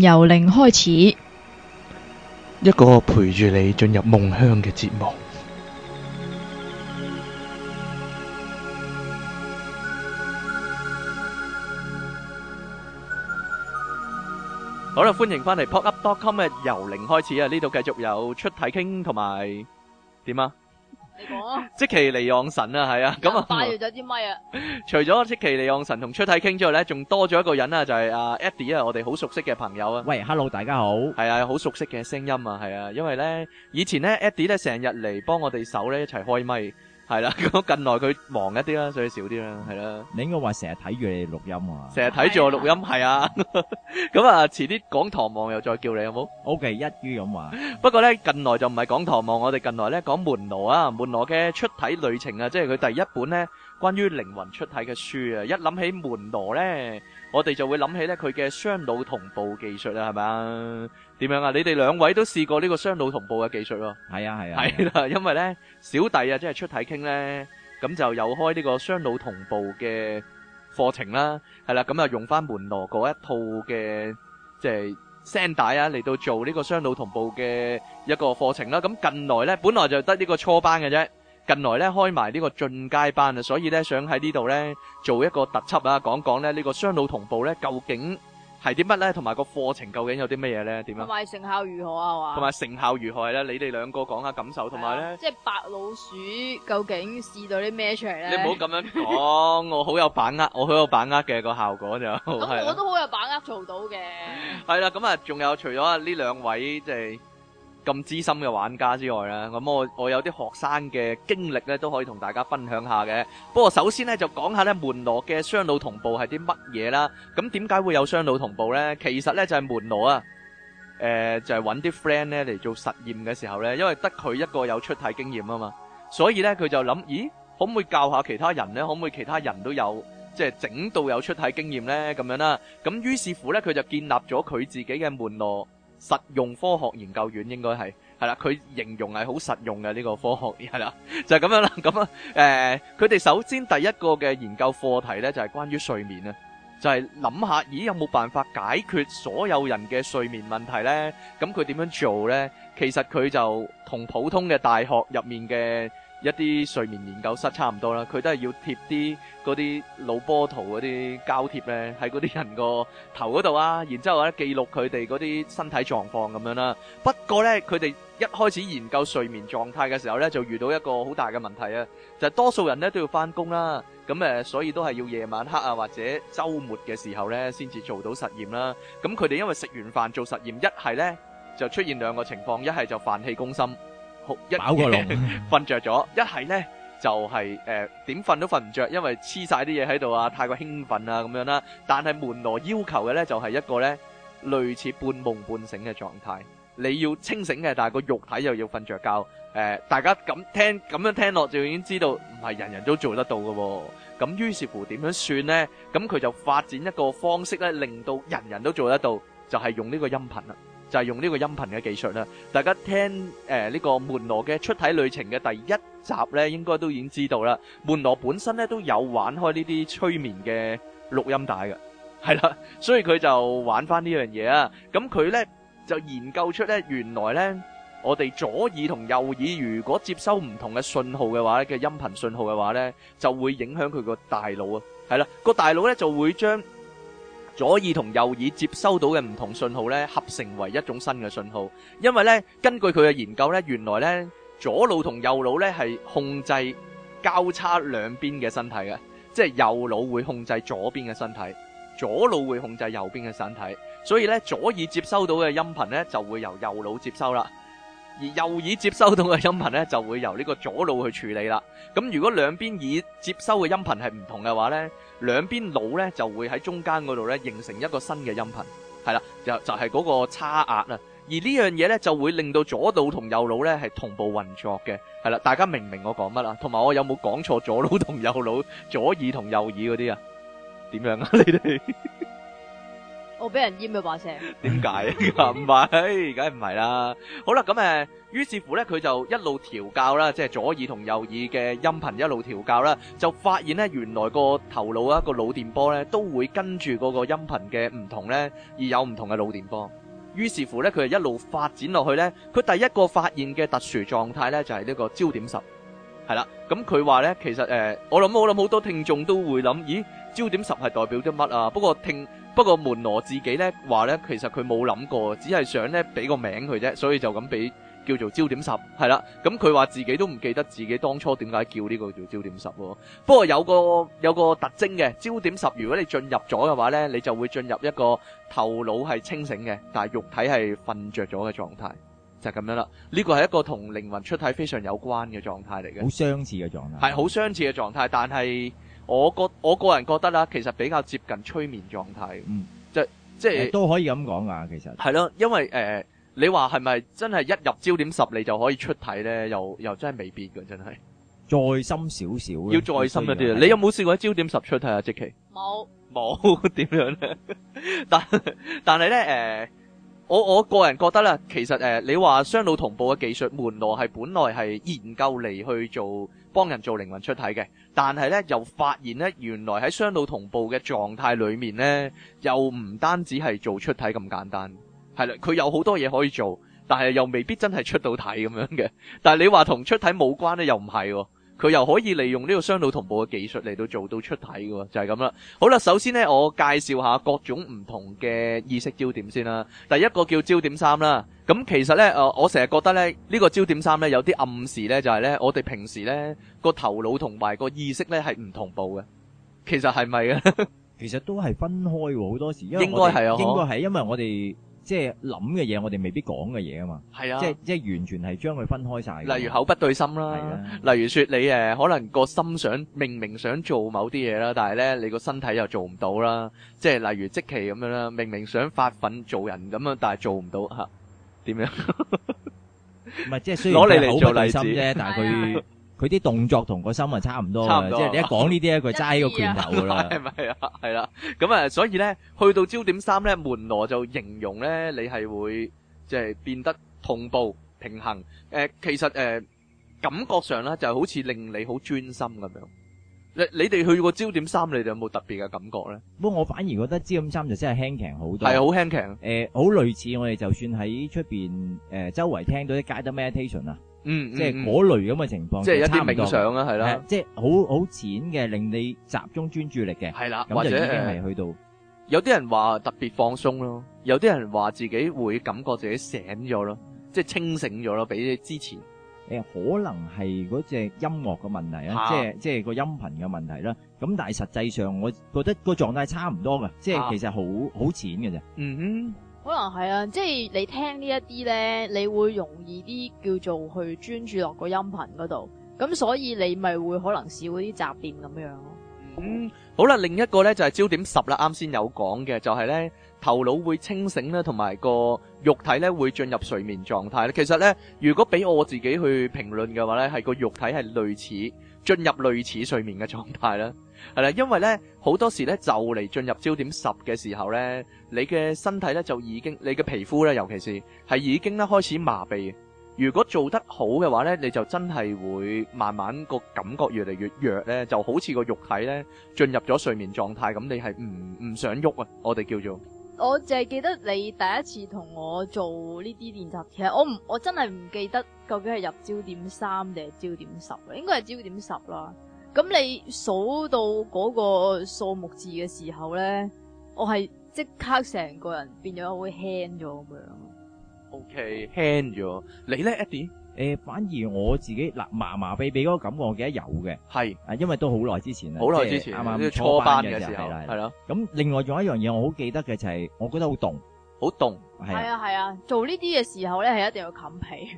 由零開始，一個陪住你進入夢鄉嘅節目。好啦，歡迎返嚟 Nun Nun pop up dot com 嘅由零開始啊！呢度繼續有出體傾同埋點啊？這裏繼續有出體談和...即期尼昂神啊，係啊，咁、嗯、啊，帶住咗啲咪啊。除咗即期尼昂神同出體傾之外咧，仲多咗一個人啊，就係阿 Eddie 啊，Eddie，我哋好熟悉嘅朋友啊。喂，Hello，大家好，係啊，好熟悉嘅聲音啊，係啊，因為咧以前咧 Eddie 咧成日嚟幫我哋手咧一齊開咪，咪。係啦，咁近來佢忙一啲啦，所以少啲啦，係啦。你應該話成日睇住你錄音啊，成日睇住我錄音，係啊。咁啊，遲啲講堂望又再叫你，好唔好？OK，一於咁話。不過咧，近來就唔係講堂望，我哋近來咧講門羅啊，門羅嘅出體旅程啊，即係佢第一本咧關於靈魂出體嘅書啊。一諗起門羅咧，我哋就會諗起咧佢嘅雙腦同步技術啊，係咪啊？點樣啊？你哋兩位都試過呢個雙腦同步嘅技術咯？係啊，係啊，係啦，因為咧小弟啊，即係出體傾咧，咁就有開呢個雙腦同步嘅課程啦，係啦，咁啊用翻門羅嗰一套嘅即係聲帶啊嚟到做呢個雙腦同步嘅一個課程啦。咁近來咧本來就得呢個初班嘅啫，近來咧開埋呢個進階班啊，所以咧想喺呢度咧做一個特輯啊，講講咧呢個雙腦同步咧究竟。係啲乜咧？同埋個課程究竟有啲乜嘢咧？點樣？同埋成效如何啊？係嘛？同埋成效如何咧？你哋兩個講下感受，同埋咧，即係白老鼠究竟試到啲咩出嚟咧？你唔好咁樣講， 我好有把握，我好有把握嘅個效果就，咁我都好有把握做到嘅。係啦，咁啊，仲有除咗呢兩位，即係。咁資深嘅玩家之外啦，咁我我有啲學生嘅經歷咧，都可以同大家分享下嘅。不過首先咧，就講下咧門羅嘅雙腦同步係啲乜嘢啦。咁點解會有雙腦同步呢？其實咧就係門羅啊，誒就係揾啲 friend 咧嚟做實驗嘅時候呢，因為得佢一個有出體經驗啊嘛，所以呢佢就諗，咦可唔可以教下其他人呢？可唔可以其他人都有即係整到有出體經驗呢？咁樣啦，咁於是乎呢，佢就建立咗佢自己嘅門羅。實用科學研究院應該係係啦，佢形容係好實用嘅呢、這個科學系啦，就係、是、咁樣啦，咁啊，誒、呃，佢哋首先第一個嘅研究課題呢，就係、是、關於睡眠啊，就係、是、諗下咦有冇辦法解決所有人嘅睡眠問題呢？咁佢點樣做呢？其實佢就同普通嘅大學入面嘅。一啲睡眠研究室差唔多啦，佢都係要貼啲嗰啲腦波圖嗰啲膠貼咧，喺嗰啲人個頭嗰度啊，然之後咧記錄佢哋嗰啲身體狀況咁樣啦。不過咧，佢哋一開始研究睡眠狀態嘅時候咧，就遇到一個好大嘅問題啊，就係多數人咧都要翻工啦，咁誒，所以都係要夜晚黑啊或者周末嘅時候咧，先至做到實驗啦。咁佢哋因為食完飯做實驗，一係咧就出現兩個情況，一係就飯氣攻心。一嘢瞓著咗，一係呢就係誒點瞓都瞓唔著，因為黐晒啲嘢喺度啊，太過興奮啊咁樣啦。但係門羅要求嘅呢就係一個呢類似半夢半醒嘅狀態，你要清醒嘅，但係個肉體又要瞓著覺。誒，大家咁聽咁樣聽落就已經知道唔係人人都做得到嘅。咁於是乎點樣算呢？咁佢就發展一個方式呢，令到人人都做得到，就係用呢個音頻啦。就係用呢個音頻嘅技術啦，大家聽誒呢個門羅嘅出體旅程嘅第一集咧，應該都已經知道啦。門羅本身咧都有玩開呢啲催眠嘅錄音帶嘅，係啦,所以佢就玩翻呢樣嘢啊。咁佢咧就研究出咧，原來咧我哋左耳同右耳如果接收唔同嘅信號嘅話，嘅音頻信號嘅話咧，就會影響佢個大腦啊。係啦，個大腦咧就會將。左耳同右耳接收到嘅唔同信號咧，合成為一種新嘅信號。因為咧，根據佢嘅研究咧，原來咧左腦同右腦咧係控制交叉兩邊嘅身體嘅，即係右腦會控制左邊嘅身體，左腦會控制右邊嘅身體。所以咧，左耳接收到嘅音頻咧，就會由右腦接收啦。而右耳接收到嘅音頻咧，就會由呢個左腦去處理啦。咁如果兩邊耳接收嘅音頻係唔同嘅話咧，兩邊腦咧就會喺中間嗰度咧形成一個新嘅音頻，係啦，就就係嗰個差壓啊。而呢樣嘢咧就會令到左腦同右腦咧係同步運作嘅，係啦。大家明唔明我講乜啊？同埋我有冇講錯左腦同右腦、左耳同右耳嗰啲啊？點樣啊？你哋？我俾人閹咗把聲，點解啊？唔係，梗係唔係啦。好啦，咁誒，於是乎咧，佢就一路調教啦，即係左耳同右耳嘅音頻一路調教啦，就發現咧，原來個頭腦啊，個腦電波咧，都會跟住嗰個音頻嘅唔同咧，而有唔同嘅腦電波。於是乎咧，佢係一路發展落去咧，佢第一個發現嘅特殊狀態咧，就係呢個焦點十，係啦。咁佢話咧，其實誒，我諗我諗好多聽眾都會諗，咦，焦點十係代表啲乜啊？不過聽。不過門羅自己咧話咧，其實佢冇諗過，只係想咧俾個名佢啫，所以就咁俾叫做焦點十係啦。咁佢話自己都唔記得自己當初點解叫呢個叫焦點十咯。不過有個有個特徵嘅焦點十，如果你進入咗嘅話咧，你就會進入一個頭腦係清醒嘅，但係肉體係瞓着咗嘅狀態，就咁樣啦。呢個係一個同靈魂出體非常有關嘅狀態嚟嘅，好相似嘅狀態，係好相似嘅狀態，但係。我覺我個人覺得啦，其實比較接近催眠狀態，嗯，就即係都可以咁講啊，其實係咯，因為誒、呃，你話係咪真係一入焦點十你就可以出體咧？又又真係未必嘅，真係再深少少，要再深一啲。你有冇試過喺焦點十出體啊？傑奇冇冇點樣咧？ 但但係咧誒。呃我我個人覺得啦，其實誒、呃，你話雙腦同步嘅技術門路係本來係研究嚟去做幫人做靈魂出體嘅，但係呢又發現呢，原來喺雙腦同步嘅狀態裏面呢，又唔單止係做出體咁簡單，係啦，佢有好多嘢可以做，但係又未必真係出到體咁樣嘅。但係你話同出體冇關呢，又唔係。佢又可以利用呢個雙腦同步嘅技術嚟到做到出體嘅喎，就係咁啦。好啦，首先呢，我介紹下各種唔同嘅意識焦點先啦。第一個叫焦點三啦。咁其實呢，誒，我成日覺得呢，呢個焦點三呢有啲暗示呢，就係呢，我哋平時呢個頭腦同埋個意識呢係唔同步嘅。其實係咪啊？其實都係分開喎，好多時。應該係啊，應該係因為我哋。即係諗嘅嘢，我哋未必講嘅嘢啊嘛。係啊，即係即係完全係將佢分開晒。例如口不對心啦，例如說你誒，可能個心想明明想做某啲嘢啦，但係咧你個身體又做唔到啦。即係例如即期咁樣啦，明明想發奮做人咁樣，但係做唔到吓，點樣？唔係即係雖然攞你嚟做例子啫，但係佢。佢啲動作同個心係差唔多，即係你一講呢啲咧，佢齋一個拳頭啦，係咪啊？係啦，咁啊，所以咧，去到焦點三咧，門羅就形容咧，你係會即係變得同步平衡。誒，其實誒感覺上咧，就係好似令你好專心咁樣。你你哋去過焦點三，你哋有冇特別嘅感覺咧？不過我反而覺得焦點三就真係輕強好多，係好輕強。誒，好類似我哋就算喺出邊誒周圍聽到啲 guided meditation 啊。嗯，嗯，即係嗰類咁嘅情況，即係一啲冥想啊，係啦，即係好好淺嘅，令你集中專注力嘅，係啦，咁就已經係去到。有啲人話特別放鬆咯，有啲人話自己會感覺自己醒咗咯，即係清醒咗咯，比你之前。誒，可能係嗰隻音樂嘅問題啦，啊，即係即係個音頻嘅問題啦。咁但係實際上，我覺得個狀態差唔多噶，啊，即係其實好好淺嘅啫。嗯哼。可能係啊，即係你聽呢一啲咧，你會容易啲叫做去專注落個音頻嗰度，咁所以你咪會可能少嗰啲雜念咁樣咯。嗯，好啦，另一個咧就係焦點十啦，啱先有講嘅就係咧頭腦會清醒啦，同埋個肉體咧會進入睡眠狀態咧。其實咧如果俾我自己去評論嘅話咧，係個肉體係類似進入類似睡眠嘅狀態啦。係啦，因為咧好多時咧就嚟進入焦點十嘅時候咧，你嘅身體咧就已經，你嘅皮膚咧，尤其是係已經咧開始麻痹。如果做得好嘅話咧，你就真係會慢慢個感覺越嚟越弱咧，就好似個肉體咧進入咗睡眠狀態咁，你係唔唔想喐啊？我哋叫做我淨係記得你第一次同我做呢啲練習，其實我唔，我真係唔記得究竟係入焦點三定係焦點十，應該係焦點十啦。咁你數到嗰個數目字嘅時候咧，我係即刻成個人變咗好輕咗咁樣。OK，輕咗。你咧，Eddie，誒，反而我自己麻麻痹痹嗰個感覺，我記得有嘅。係啊，因為都好耐之前啦，好耐之前啱啱要初班嘅時候，係咯。咁另外仲有一樣嘢，我好記得嘅就係，我覺得好凍，好凍。係啊係啊，做呢啲嘅時候咧，係一定要冚被。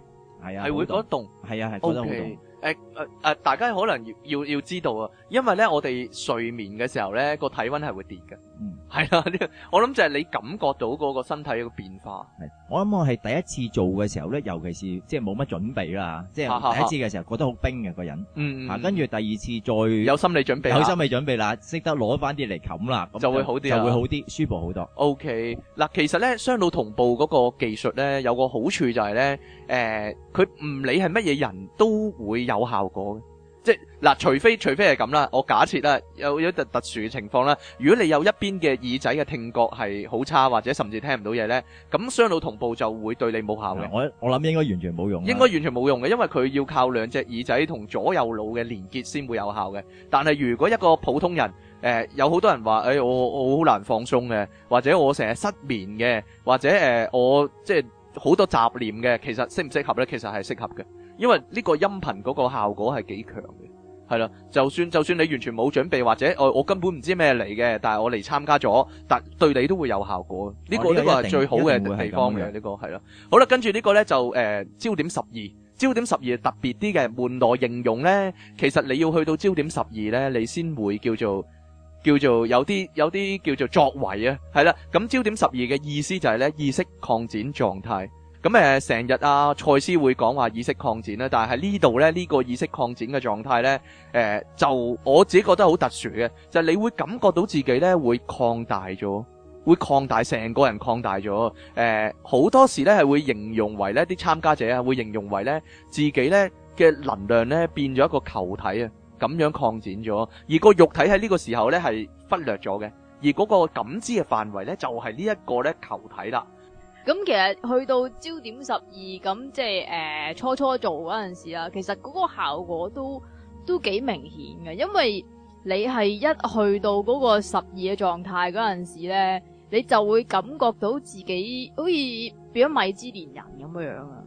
係啊，係會覺得凍。係啊，係覺得好凍。.誒、誒、誒，大家可能要、要、要知道啊，因為咧，我哋睡眠嘅時候咧，個體溫係會跌嘅。嗯，係啦，我諗就係你感覺到嗰個身體嘅變化。係，我諗我係第一次做嘅時候咧，尤其是即係冇乜準備啦，即係第一次嘅時候覺得好冰嘅，啊啊、個人。嗯嗯。跟住第二次再有心理準備，有心理準備啦，識得攞翻啲嚟冚啦，就會好啲，就會好啲，舒服好多。OK，嗱，其實咧雙腦同步嗰個技術咧，有個好處就係、是、咧，誒、呃，佢唔理係乜嘢人都會有效果嘅。即係嗱，除非除非係咁啦，我假設啦，有有特特殊嘅情況啦。如果你有一邊嘅耳仔嘅聽覺係好差，或者甚至聽唔到嘢，呢，咁雙腦同步就會對你冇效嘅。我我諗應該完全冇用。應該完全冇用嘅，因為佢要靠兩隻耳仔同左右腦嘅連結先會有效嘅。但係如果一個普通人，誒、呃，有好多人話，誒、哎，我我好難放鬆嘅，或者我成日失眠嘅，或者誒、呃，我即係好多雜念嘅，其實適唔適合呢？其實係適合嘅。因為呢個音頻嗰個效果係幾強嘅，係啦，就算就算你完全冇準備，或者我我根本唔知咩嚟嘅，但係我嚟參加咗，但對你都會有效果。呢個呢個係最好嘅地方嘅，呢個係啦。好啦，跟住呢個呢就誒焦點十二，焦點十二特別啲嘅門嚟形容呢，其實你要去到焦點十二呢，你先會叫做叫做有啲有啲叫做作為啊，係啦。咁焦點十二嘅意思就係呢意識擴展狀態。咁誒，成、呃、日啊，賽斯會講話意識擴展啦。但係呢度咧，呢、這個意識擴展嘅狀態呢，誒、呃，就我自己覺得好特殊嘅，就係、是、你會感覺到自己呢會擴大咗，會擴大成個人擴大咗，誒、呃，好多時呢係會形容為呢啲參加者啊，會形容為呢，參加者會形容為呢自己呢嘅能量呢變咗一個球體啊，咁樣擴展咗，而個肉體喺呢個時候呢係忽略咗嘅，而嗰個感知嘅範圍呢就係呢一個呢球體啦。咁其實去到焦點十二，咁即係誒、初初做嗰陣時啦，其實嗰個效果都都幾明顯嘅，因為你係一去到嗰個十二嘅狀態嗰陣時咧，你就會感覺到自己好似變咗米芝蓮人咁樣樣啊，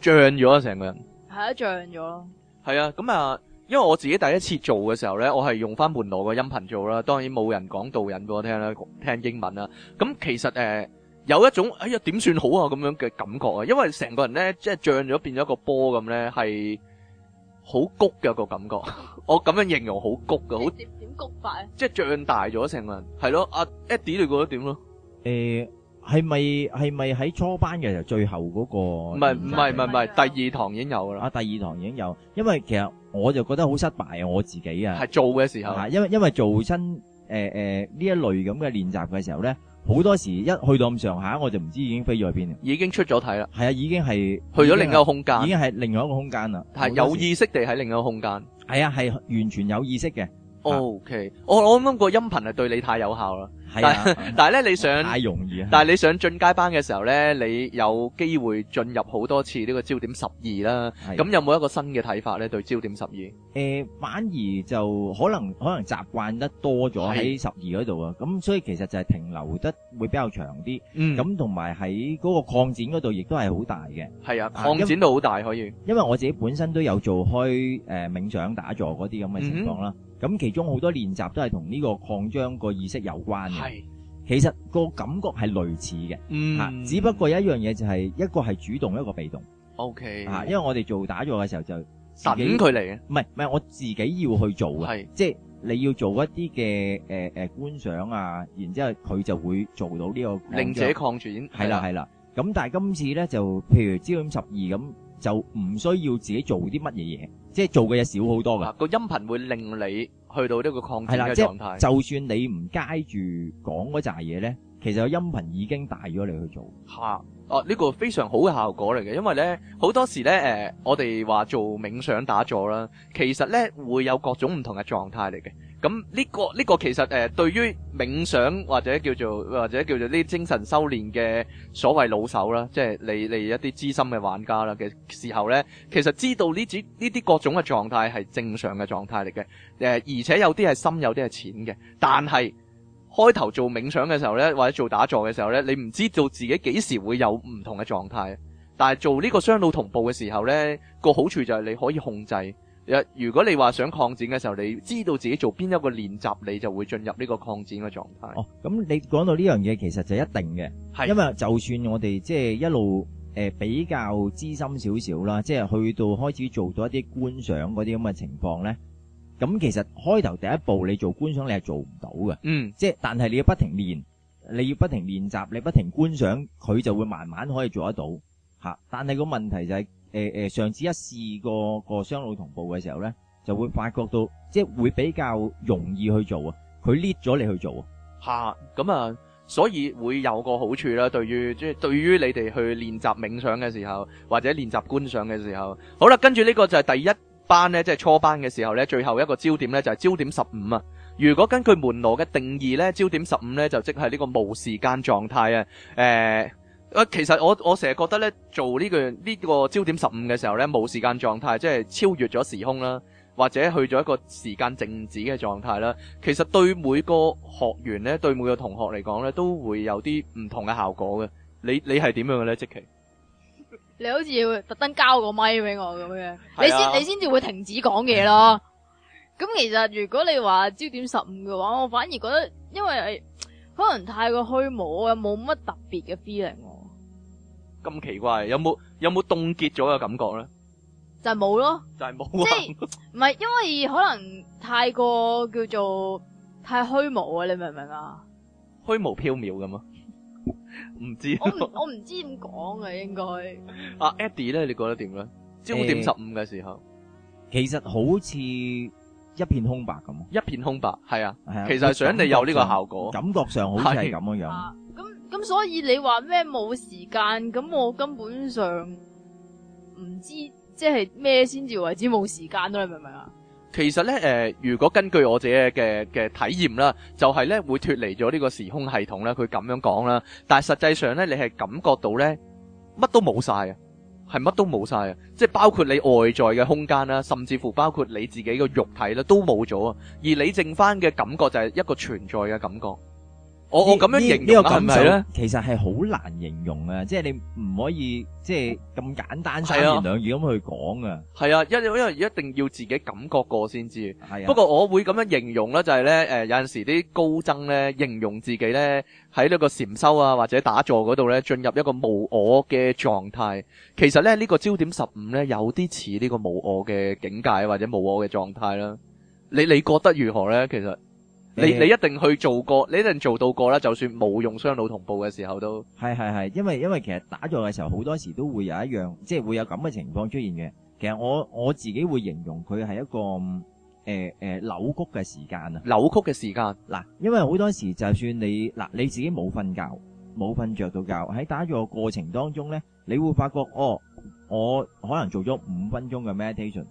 脹咗啊，成個人係啊，脹咗咯，係啊，咁啊，因為我自己第一次做嘅時候咧，我係用翻門羅嘅音頻做啦，當然冇人講導引俾我聽啦，聽英文啦，咁其實，誒。有一種哎呀，點算好啊，咁樣嘅感覺啊，因為成個人咧即係脹咗變咗個波咁咧，係好谷嘅個感覺。我咁樣形容好谷噶，好點谷法啊？即係脹大咗成個人，係咯。阿 Eddie 你覺得點咯？誒，係咪係咪喺初班嘅時候最後嗰個？唔係唔係唔係唔係，第二堂已經有啦。啊，第二堂已經有，因為其實我就覺得好失敗啊，我自己啊，係做嘅時候，因為因為做親誒誒呢一類咁嘅練習嘅時候咧。好多時一去到咁上下，我就唔知已經飛咗去邊啦。已經出咗體啦。係啊，已經係去咗另一個空間。已經係另外一個空間啦。但係有意識地喺另一個空間。係啊，係完全有意識嘅。O、oh, K，、okay. 我我諗個音頻係對你太有效啦、啊，但係但係咧、嗯、你想，太容易啊！但係你想進階班嘅時候咧、啊，你有機會進入好多次呢個焦點十二啦。咁、啊、有冇一個新嘅睇法，咧？對焦點十二，誒，反而就可能可能習慣得多咗喺十二嗰度啊。咁所以其實就係停留得會比較長啲。嗯，咁同埋喺嗰個擴展嗰度亦都係好大嘅。係啊，擴展到好大可以。因為我自己本身都有做開誒、呃、冥想打坐嗰啲咁嘅情況啦。嗯咁其中好多練習都係同呢個擴張個意識有關嘅。係，其實個感覺係類似嘅，嚇、嗯。只不過一樣嘢就係一個係主動，嗯、一個被動。O、okay、K。嚇，因為我哋做打坐嘅時候就揾佢嚟嘅，唔係唔係我自己要去做嘅。即係、就是、你要做一啲嘅誒誒觀想啊，然之後佢就會做到呢個令者擴展。係啦係啦，咁但係今次咧就譬如焦點十二咁。就唔需要自己做啲乜嘢嘢，即係做嘅嘢少好多㗎。個音頻會令你去到呢個抗體嘅狀態。就算你唔介住講嗰扎嘢呢，其實個音頻已經帶咗你去做。吓，哦、啊、呢、這個非常好嘅效果嚟嘅，因為呢好多時呢，誒、呃，我哋話做冥想打坐啦，其實呢會有各種唔同嘅狀態嚟嘅。咁呢個、呢個其實誒、呃，對於冥想或者叫做或者叫做啲精神修煉嘅所謂老手啦，即係你你一啲資深嘅玩家啦嘅時候呢，其實知道呢啲呢啲各種嘅狀態係正常嘅狀態嚟嘅，誒、呃、而且有啲係深有啲係淺嘅。但係開頭做冥想嘅時候呢，或者做打坐嘅時候呢，你唔知道做自己幾時會有唔同嘅狀態。但係做呢個雙腦同步嘅時候呢，個好處就係你可以控制。如果你話想擴展嘅時候，你知道自己做邊一個練習，你就會進入呢個擴展嘅狀態。哦，咁你講到呢樣嘢，其實就一定嘅，係因為就算我哋即係一路誒、呃、比較資深少少啦，即係去到開始做咗一啲觀想嗰啲咁嘅情況呢。咁其實開頭第一步你做觀想你係做唔到嘅，嗯，即係但係你要不停練，你要不停練習，你不停觀想，佢就會慢慢可以做得到吓。但係個問題就係、是。誒、呃、誒，上次一試過個雙腦同步嘅時候呢，就會發覺到，即係會比較容易去做啊。佢 lead 咗你去做啊，吓，咁啊，所以會有個好處啦。對於即係對於你哋去練習冥想嘅時候，或者練習觀想嘅時候，好啦，跟住呢個就係第一班呢，即係初班嘅時候呢，最後一個焦點呢，就係焦點十五啊。如果根據門羅嘅定義呢，焦點十五呢，就即係呢個無時間狀態啊，誒、呃。誒，其實我我成日覺得咧，做呢、呢個呢、呢個焦點十五嘅時候咧，冇時間狀態，即係超越咗時空啦，或者去咗一個時間靜止嘅狀態啦。其實對每個學員咧，對每個同學嚟講咧，都會有啲唔同嘅效果嘅。你你係點樣嘅咧？即期你好似特登交個咪俾我咁樣，啊、你先你先至會停止講嘢咯。咁 其實如果你話焦點十五嘅話，我反而覺得，因為誒可能太過虛無，啊，冇乜特別嘅 feeling。咁奇怪，有冇有冇凍結咗嘅感覺咧？就係冇咯，就係冇，即係唔係因為可能太過叫做太虛無啊？你明唔明啊？虛無縹緲咁咯，唔知我唔我唔知點講嘅應該。阿 Eddie 咧，你覺得點咧？焦點十五嘅時候，其實好似一片空白咁，一片空白係啊，係啊，其實想你有呢個效果，感覺上好似係咁樣樣。咁所以你話咩冇時間？咁我根本上唔知，即係咩先至為止冇時間啦？你明唔明啊？其實呢，誒、呃，如果根據我自己嘅嘅體驗啦，就係、是、呢會脫離咗呢個時空系統啦，佢咁樣講啦。但係實際上呢，你係感覺到呢乜都冇晒啊，係乜都冇晒啊，即係包括你外在嘅空間啦，甚至乎包括你自己個肉體啦，都冇咗啊。而你剩翻嘅感覺就係一個存在嘅感覺。我我咁樣形容啊，其實係好難形容啊，即係你唔可以即係咁簡單三言兩語咁去講啊。係啊，因因為一定要自己感覺過先知。係。不過我會咁樣形容咧，就係咧，誒，有陣時啲高僧咧，形容自己咧喺呢個禪修啊或者打坐嗰度咧，進入一個無我嘅狀態。其實咧呢個焦點十五咧，有啲似呢個無我嘅境界或者無我嘅狀態啦。你你覺得如何咧？其實？你你一定去做過，你一定做到過啦。就算冇用雙腦同步嘅時候都係係係，因為因為其實打坐嘅時候好多時都會有一樣，即係會有咁嘅情況出現嘅。其實我我自己會形容佢係一個誒誒，扭曲嘅時間啊，扭曲嘅時間嗱。因為好多時就算你嗱你自己冇瞓覺冇瞓着到覺，喺打坐嘅過程當中咧，你會發覺哦，我可能做咗五分鐘嘅 meditation，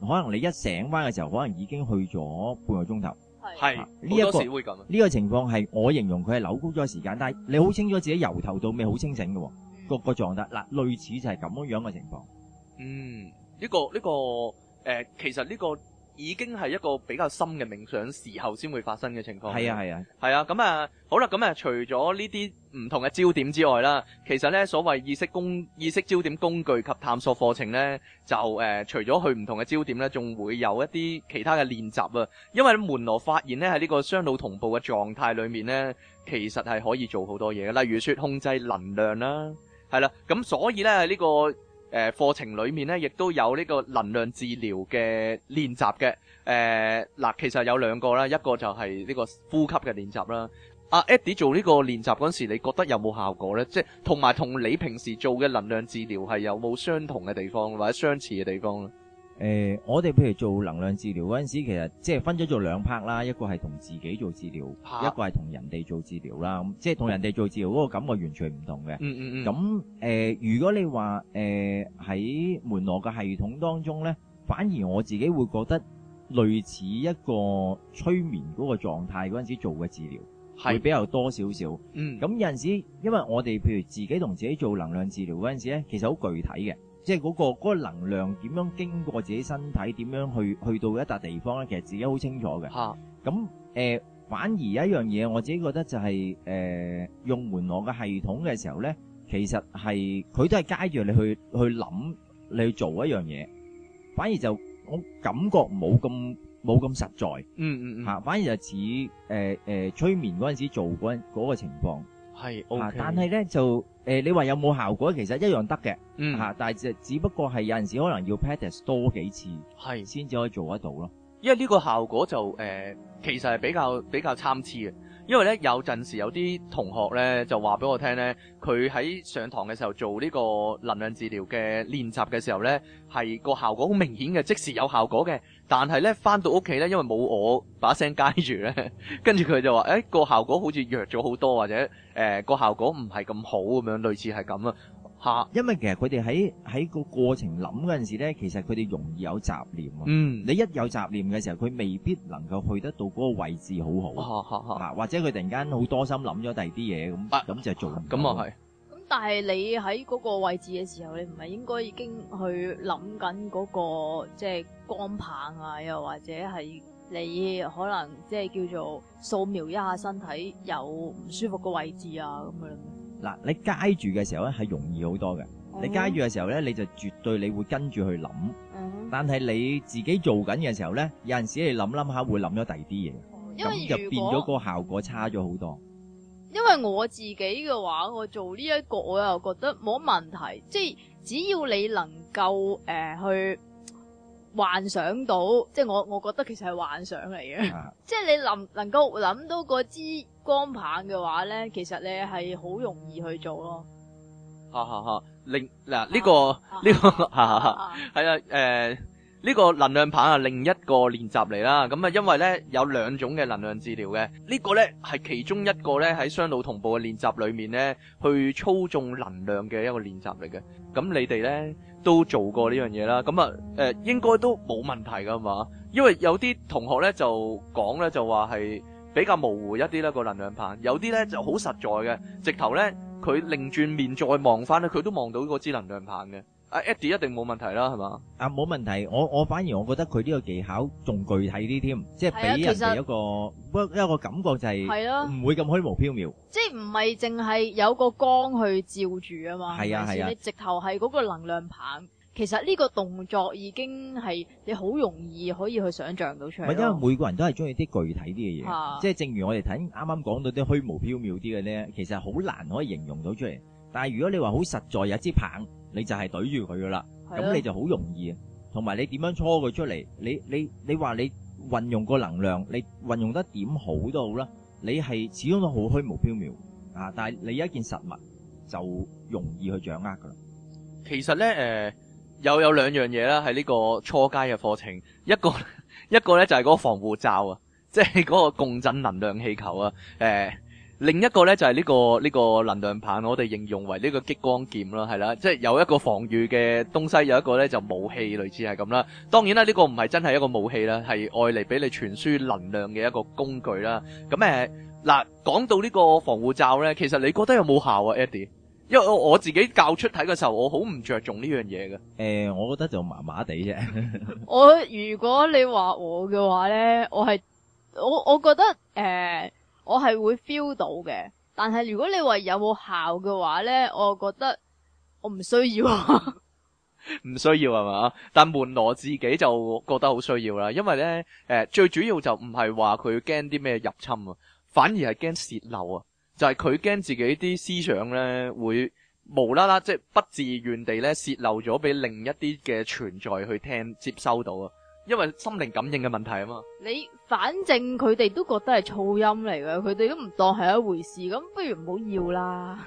可能你一醒翻嘅時候，可能已經去咗半個鐘頭。係呢一個呢個情況係我形容佢係扭曲咗時間，嗯、但係你好清楚自己由頭到尾好清醒嘅、嗯、個個狀態，嗱，類似就係咁樣樣嘅情況。嗯，呢、呢個呢、呢個誒、呃，其實呢、呢個。已經係一個比較深嘅冥想時候先會發生嘅情況。係啊，係啊，係啊。咁啊，好啦，咁啊，除咗呢啲唔同嘅焦點之外啦，其實呢所謂意識工意識焦點工具及探索課程呢，就誒、呃、除咗去唔同嘅焦點呢，仲會有一啲其他嘅練習啊。因為門羅發現呢，喺呢個雙腦同步嘅狀態裏面呢，其實係可以做好多嘢嘅，例如説控制能量啦，係啦。咁所以呢，呢、呢個。誒課程裏面咧，亦都有呢個能量治療嘅練習嘅。誒、呃、嗱，其實有兩個啦，一個就係呢個呼吸嘅練習啦。阿、啊、Eddie 做呢個練習嗰陣時，你覺得有冇效果呢？即係同埋同你平時做嘅能量治療係有冇相同嘅地方或者相似嘅地方咧？誒、呃，我哋譬如做能量治療嗰陣時，其實即係分咗做兩 part 啦，一個係同自己做治療，一個係同人哋做治療啦。即係同人哋做治療嗰個感覺完全唔同嘅。咁、嗯、誒、嗯嗯、呃，如果你話誒喺門羅嘅系統當中咧，反而我自己會覺得類似一個催眠嗰個狀態嗰陣時做嘅治療，係比較多少少。咁、嗯、有陣時，因為我哋譬如自己同自己做能量治療嗰陣時咧，其實好具體嘅。即係嗰個嗰個能量點樣經過自己身體，點樣去去到一笪地方咧？其實自己好清楚嘅。吓咁，誒，反而有一樣嘢，我自己覺得就係誒用門羅嘅系統嘅時候咧，其實係佢都係加住你去去諗你去做一樣嘢，反而就我感覺冇咁冇咁實在。嗯嗯嗯，吓，反而就似誒誒催眠嗰陣時做嗰嗰個情況。係、okay，但係咧就誒、呃，你話有冇效果？其實一樣得嘅。吓、嗯，但係只只不過係有陣時可能要 practice 多幾次，係先至可以做得到咯、呃。因為呢個效果就誒，其實係比較比較參差嘅。因為咧有陣時有啲同學咧就話俾我聽咧，佢喺上堂嘅時候做呢個能量治療嘅練習嘅時候咧，係個效果好明顯嘅，即時有效果嘅。但係咧，翻到屋企咧，因為冇我把聲街住咧，跟住佢就話，誒、欸、個效果好似弱咗好多，或者誒個、呃、效果唔係咁好咁樣，類似係咁啊，吓，因為其實佢哋喺喺個過程諗嗰陣時咧，其實佢哋容易有雜念啊。嗯，你一有雜念嘅時候，佢未必能夠去得到嗰個位置好好、啊啊啊。或者佢突然間好多心諗咗第二啲嘢咁，咁、啊、就做唔到咁啊係。啊但係你喺嗰個位置嘅時候，你唔係應該已經去諗緊嗰個即係光棒啊，又或者係你可能即係叫做掃描一下身體有唔舒服嘅位置啊咁嘅咧？嗱，你街住嘅時候咧係容易好多嘅、嗯，你街住嘅時候咧你就絕對你會跟住去諗、嗯，但係你自己做緊嘅時候咧，有陣時你諗諗下會諗咗第二啲嘢，咁就變咗個效果差咗好多。因為我自己嘅話，我做呢、呢、一個我又覺得冇問題，即係只要你能夠誒、呃、去幻想到，即係我我覺得其實係幻想嚟嘅，啊，即係你能能夠諗到嗰支光棒嘅話咧，其實你係好容易去做咯。好好好，另嗱呢個呢個係啊，誒、啊。呢個能量棒係另一個練習嚟啦。咁啊，因為呢，有兩種嘅能量治療嘅，呢個呢，係其中一個呢，喺雙腦同步嘅練習裏面呢，去操縱能量嘅一個練習嚟嘅。咁你哋呢，都做過呢樣嘢啦。咁啊，誒、呃，應該都冇問題噶嘛。因為有啲同學呢，就講呢，就話係比較模糊一啲啦，個能量棒，有啲呢，就好實在嘅，直頭呢，佢擰轉面再望翻呢，佢都望到個支能量棒嘅。阿 Eddie 一定冇問題啦，係嘛？啊，冇問題。我我反而我覺得佢呢個技巧仲具體啲添，即係俾人哋一個不一,一個感覺就係係咯，唔會咁虛無縹緲。即係唔係淨係有個光去照住啊嘛？係啊係啊，是你直頭係嗰個能量棒。啊啊、其實呢個動作已經係你好容易可以去想象到出嚟。唔係因為每個人都係中意啲具體啲嘅嘢，即係正如我哋睇啱啱講到啲虛無縹緲啲嘅咧，其實好難可以形容到出嚟。但係如果你話好實在，有支棒。你就係懟住佢噶啦，咁你就好容易啊，同埋你點樣搓佢出嚟，你你你話你運用個能量，你運用得點好都好啦，你係始終都好虛無縹緲啊！但係你一件實物就容易去掌握噶啦。其實呢，誒又有有兩樣嘢啦，係呢個初階嘅課程，一個一個呢就係嗰個防護罩啊，即係嗰個共振能量氣球啊，誒。另一個呢，就係、是、呢、這個呢、這個能量棒，我哋形容為呢個激光劍啦，係啦，即係有一個防御嘅東西，有一個呢就武器類似係咁啦。當然啦，呢、這個唔係真係一個武器啦，係愛嚟俾你傳輸能量嘅一個工具啦。咁誒，嗱、呃，講到呢個防護罩呢，其實你覺得有冇效啊，Eddie？因為我自己教出體嘅時候，我好唔着重呢樣嘢嘅。誒、呃，我覺得就麻麻地啫。 我如果你話我嘅話呢，我係我我覺得誒。呃我係會 feel 到嘅，但係如果你話有冇效嘅話呢，我覺得我唔需要啊，唔需要係咪？但門羅自己就覺得好需要啦，因為呢，誒、欸，最主要就唔係話佢驚啲咩入侵啊，反而係驚洩漏啊，就係佢驚自己啲思想呢會無啦啦，即、就、係、是、不自願地呢洩漏咗俾另一啲嘅存在去聽接收到啊。因為心靈感應嘅問題啊嘛你，你反正佢哋都覺得係噪音嚟嘅，佢哋都唔當係一回事，咁不如唔好要，要 啦。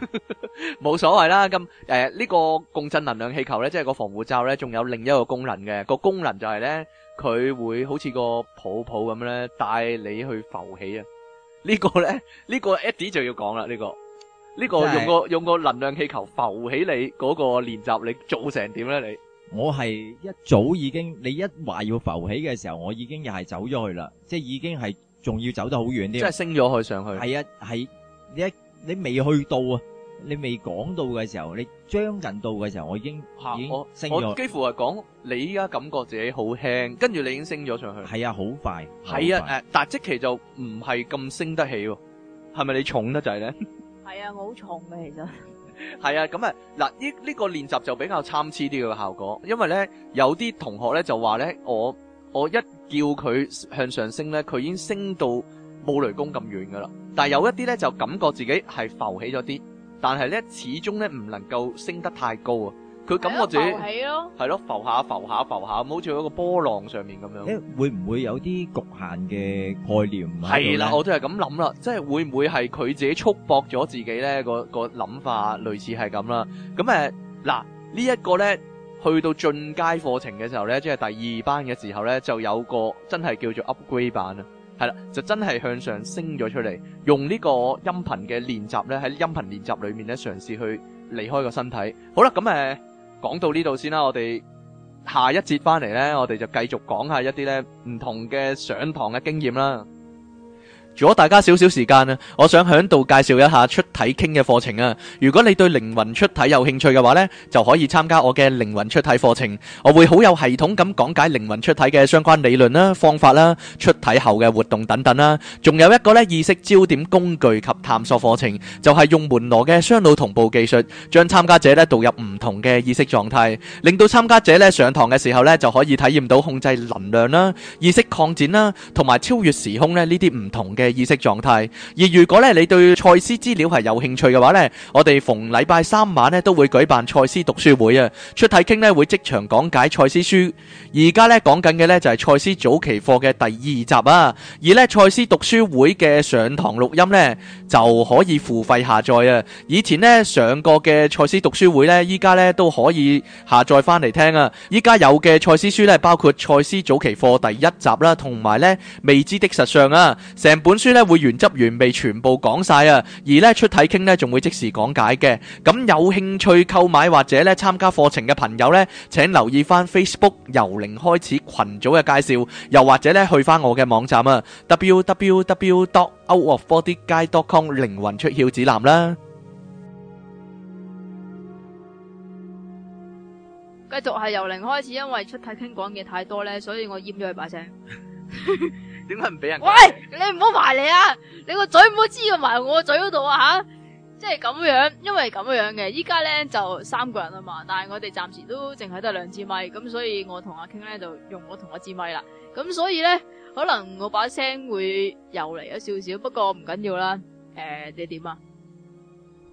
冇所謂啦，咁誒呢個共振能量氣球呢，即係個防護罩呢，仲有另一個功能嘅，個功能就係呢，佢會好似個泡泡咁咧，帶你去浮起啊！呢、呢個呢，呢、呢個 Eddie 就要講啦，呢、呢個呢個用個用個能量氣球浮起你嗰個練習，你做成點呢？你？我係一早已經，你一話要浮起嘅時候，我已經又係走咗去啦，即係已經係仲要走得好遠啲。即係升咗去上去。係啊，係你一你未去到啊，你未講到嘅時候，你將近到嘅時候，我已經已經升咗。我幾乎係講你依家感覺自己好輕，跟住你已經升咗上去。係啊，好快。係啊，誒，但係即其就唔係咁升得起喎，係咪你重得滯咧？係啊，我好重嘅其實。係啊，咁啊嗱，呢呢個練習就比較參差啲嘅效果，因為咧有啲同學咧就話咧，我我一叫佢向上升咧，佢已經升到冇雷公咁遠噶啦，但係有一啲咧就感覺自己係浮起咗啲，但係咧始終咧唔能夠升得太高啊。佢咁，我自己係咯，係咯浮，浮下浮下浮下，好似嗰個波浪上面咁樣。會唔會有啲局限嘅概念？係啦，我都係咁諗啦，即係會唔會係佢自己束縛咗自己呢個個諗法類似係咁啦。咁誒，嗱呢一個呢，去到進階課程嘅時候呢，即係第二班嘅時候呢，就有個真係叫做 upgrade 版啊，係啦，就真係向上升咗出嚟。用呢個音頻嘅練習呢，喺音頻練習裏面呢，嘗試去離開個身體。好啦，咁誒。啊講到呢度先啦，我哋下一節翻嚟咧，我哋就繼續講下一啲咧唔同嘅上堂嘅經驗啦。如果大家少少時間啊，我想響度介紹一下出體傾嘅課程啊！如果你對靈魂出體有興趣嘅話咧，就可以參加我嘅靈魂出體課程。我會好有系統咁講解靈魂出體嘅相關理論啦、方法啦、出體後嘅活動等等啦。仲有一個咧意識焦點工具及探索課程，就係用門羅嘅雙腦同步技術，將參加者咧導入唔同嘅意識狀態，令到參加者咧上堂嘅時候咧就可以體驗到控制能量啦、意識擴展啦，同埋超越時空咧呢啲唔同嘅意識狀態。而如果咧你對賽斯資料係有興趣嘅話呢，我哋逢禮拜三晚呢都會舉辦賽斯讀書會啊。出體傾呢會即場講解賽斯書。而家呢，講緊嘅呢就係賽斯早期課嘅第二集啊。而呢，賽斯讀書會嘅上堂錄音呢就可以付費下載啊。以前呢，上過嘅賽斯讀書會呢，依家呢都可以下載翻嚟聽啊。依家有嘅賽斯書呢，包括賽斯早期課第一集啦，同埋呢未知的實相啊，成本。書咧會原汁原味全部講晒啊，而咧出體傾咧仲會即時講解嘅。咁有興趣購買或者咧參加課程嘅朋友咧，請留意翻 Facebook 由零開始群組嘅介紹，又或者咧去翻我嘅網站啊 www.outofbodyguide.com 靈魂出竅指南啦。繼續係由零開始，因為出體傾講嘢太多咧，所以我閹咗佢把聲。 點解唔俾人？喂，你唔好埋嚟啊！你個嘴唔好黐埋我個嘴嗰度啊！吓，即係咁樣，因為咁樣嘅。依家咧就三個人啊嘛，但係我哋暫時都淨係得兩支咪，咁所以我同阿 King 咧就用我同一支咪啦。咁所以咧，可能我把聲會又嚟咗少少，不過唔緊要啦。誒，你點啊？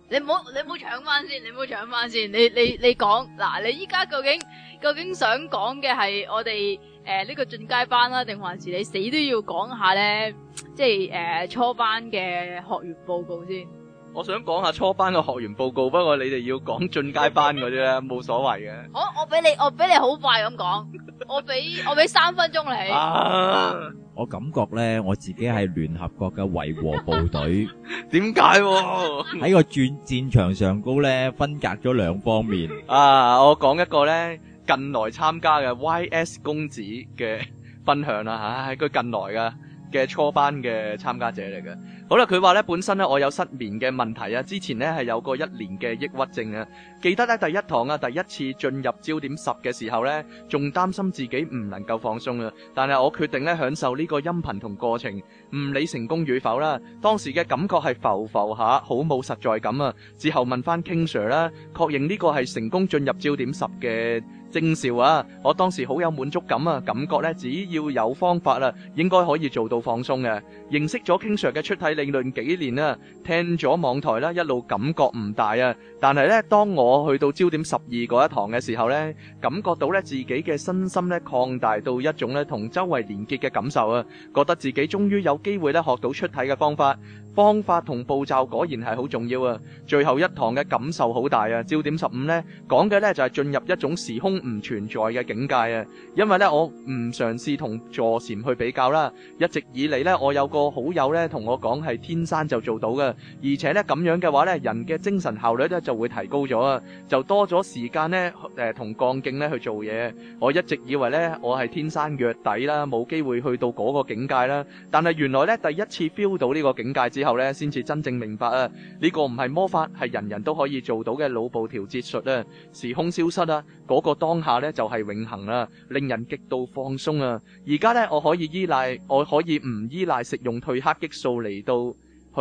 你唔好，你唔好搶翻先，你唔好搶翻先，你你你講嗱，你依家究竟究竟想講嘅係我哋誒呢個進階班啦，定還是你死都要講下咧？即係誒、呃、初班嘅學員報告先。我想講下初班嘅學員報告，不過你哋要講進階班㗎啫，冇所謂嘅。好，我俾你，我俾你好快咁講，我俾我俾三分鐘你，啊。我感覺咧，我自己係聯合國嘅維和部隊。點解喺個戰戰場上高咧分隔咗兩方面？啊，我講一個咧，近來參加嘅 Y S 公子嘅分享啦吓，係、哎，佢近來噶。嘅初班嘅參加者嚟嘅，好啦，佢話咧本身咧我有失眠嘅問題啊，之前呢係有過一年嘅抑鬱症啊，記得咧第一堂啊，第一次進入焦點十嘅時候呢，仲擔心自己唔能夠放鬆啊，但係我決定咧享受呢個音頻同過程，唔理成功與否啦，當時嘅感覺係浮浮下，好冇實在感啊，之後問翻 King Sir 啦，確認呢個係成功進入焦點十嘅。驚兆啊！我當時好有滿足感啊，感覺咧只要有方法啦，應該可以做到放鬆嘅。認識咗 King Sir 嘅出體理論幾年啦，聽咗網台啦，一路感覺唔大啊。但係咧，當我去到焦點十二嗰一堂嘅時候咧，感覺到咧自己嘅身心咧擴大到一種咧同周圍連結嘅感受啊，覺得自己終於有機會咧學到出體嘅方法。方法同步驟果然係好重要啊，最後一堂嘅感受好大啊，焦點十五呢講嘅呢就係進入一種時空唔存在嘅境界啊，因為呢我唔嘗試同坐禪去比較啦，一直以嚟呢我有個好友呢同我講係天生就做到嘅，而且呢咁樣嘅話呢人嘅精神效率呢就會提高咗啊，就多咗時間呢誒同槓勁呢去做嘢，我一直以為呢我係天生弱底啦，冇機會去到嗰個境界啦，但係原來呢第一次 feel 到呢個境界之後。後咧，先至真正明白啊！呢個唔係魔法，係人人都可以做到嘅腦部調節術啊！時空消失啊！嗰個當下咧就係永恆啦，令人極度放鬆啊！而家咧我可以依賴，我可以唔依賴食用褪黑激素嚟到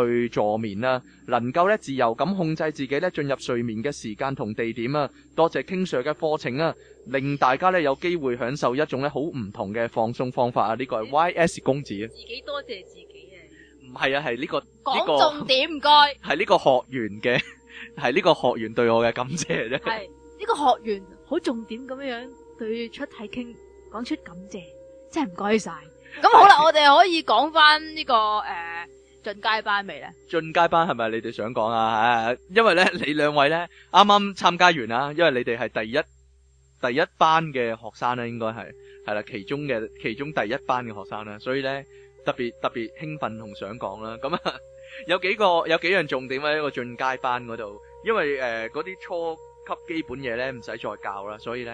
去助眠啦，能夠咧自由咁控制自己咧進入睡眠嘅時間同地點啊！多謝 King Sir 嘅課程啊，令大家咧有機會享受一種咧好唔同嘅放鬆方法啊！呢個係 YS 公子啊，自己多謝自己。唔係啊，係呢個講重點唔該，係呢個學員嘅，係呢個學員對我嘅感謝啫。係呢個學員好重點咁樣樣對出體傾講出感謝，真係唔該晒。咁好啦，我哋可以講翻呢個誒進階班未咧？進階班係咪你哋想講啊？因為咧你兩位咧啱啱參加完啦，因為你哋係第一第一班嘅學生咧，應該係係啦，其中嘅其中第一班嘅學生啦，所以咧。特別特別興奮同想講啦，咁啊有幾個有幾樣重點喺個進階班嗰度，因為誒嗰啲初級基本嘢咧唔使再教啦，所以咧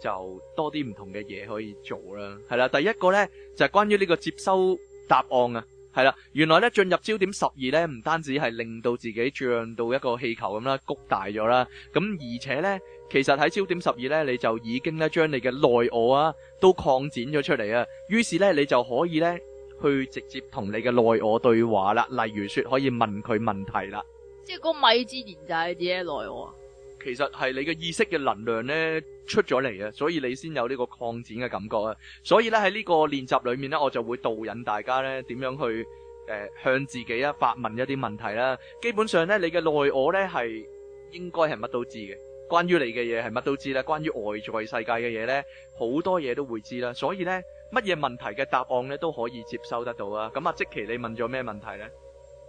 就多啲唔同嘅嘢可以做啦。係啦，第一個咧就係關於呢個接收答案啊。係啦，原來咧進入焦點十二咧，唔單止係令到自己脹到一個氣球咁啦，谷大咗啦，咁而且咧其實喺焦點十二咧，你就已經咧將你嘅內我啊都擴展咗出嚟啊，於是咧你就可以咧。去直接同你嘅內我對話啦，例如說可以問佢問題啦。即係嗰米之言就係點嘅內我啊？其實係你嘅意識嘅能量呢出咗嚟啊，所以你先有呢個擴展嘅感覺啊。所以呢喺呢個練習裏面呢，我就會導引大家呢點樣去誒向自己啊發問一啲問題啦。基本上呢你嘅內我呢係應該係乜都知嘅。關於你嘅嘢係乜都知啦，關於外在世界嘅嘢咧，好多嘢都會知啦，所以咧，乜嘢問題嘅答案咧都可以接收得到啊！咁啊，即期你問咗咩問題咧？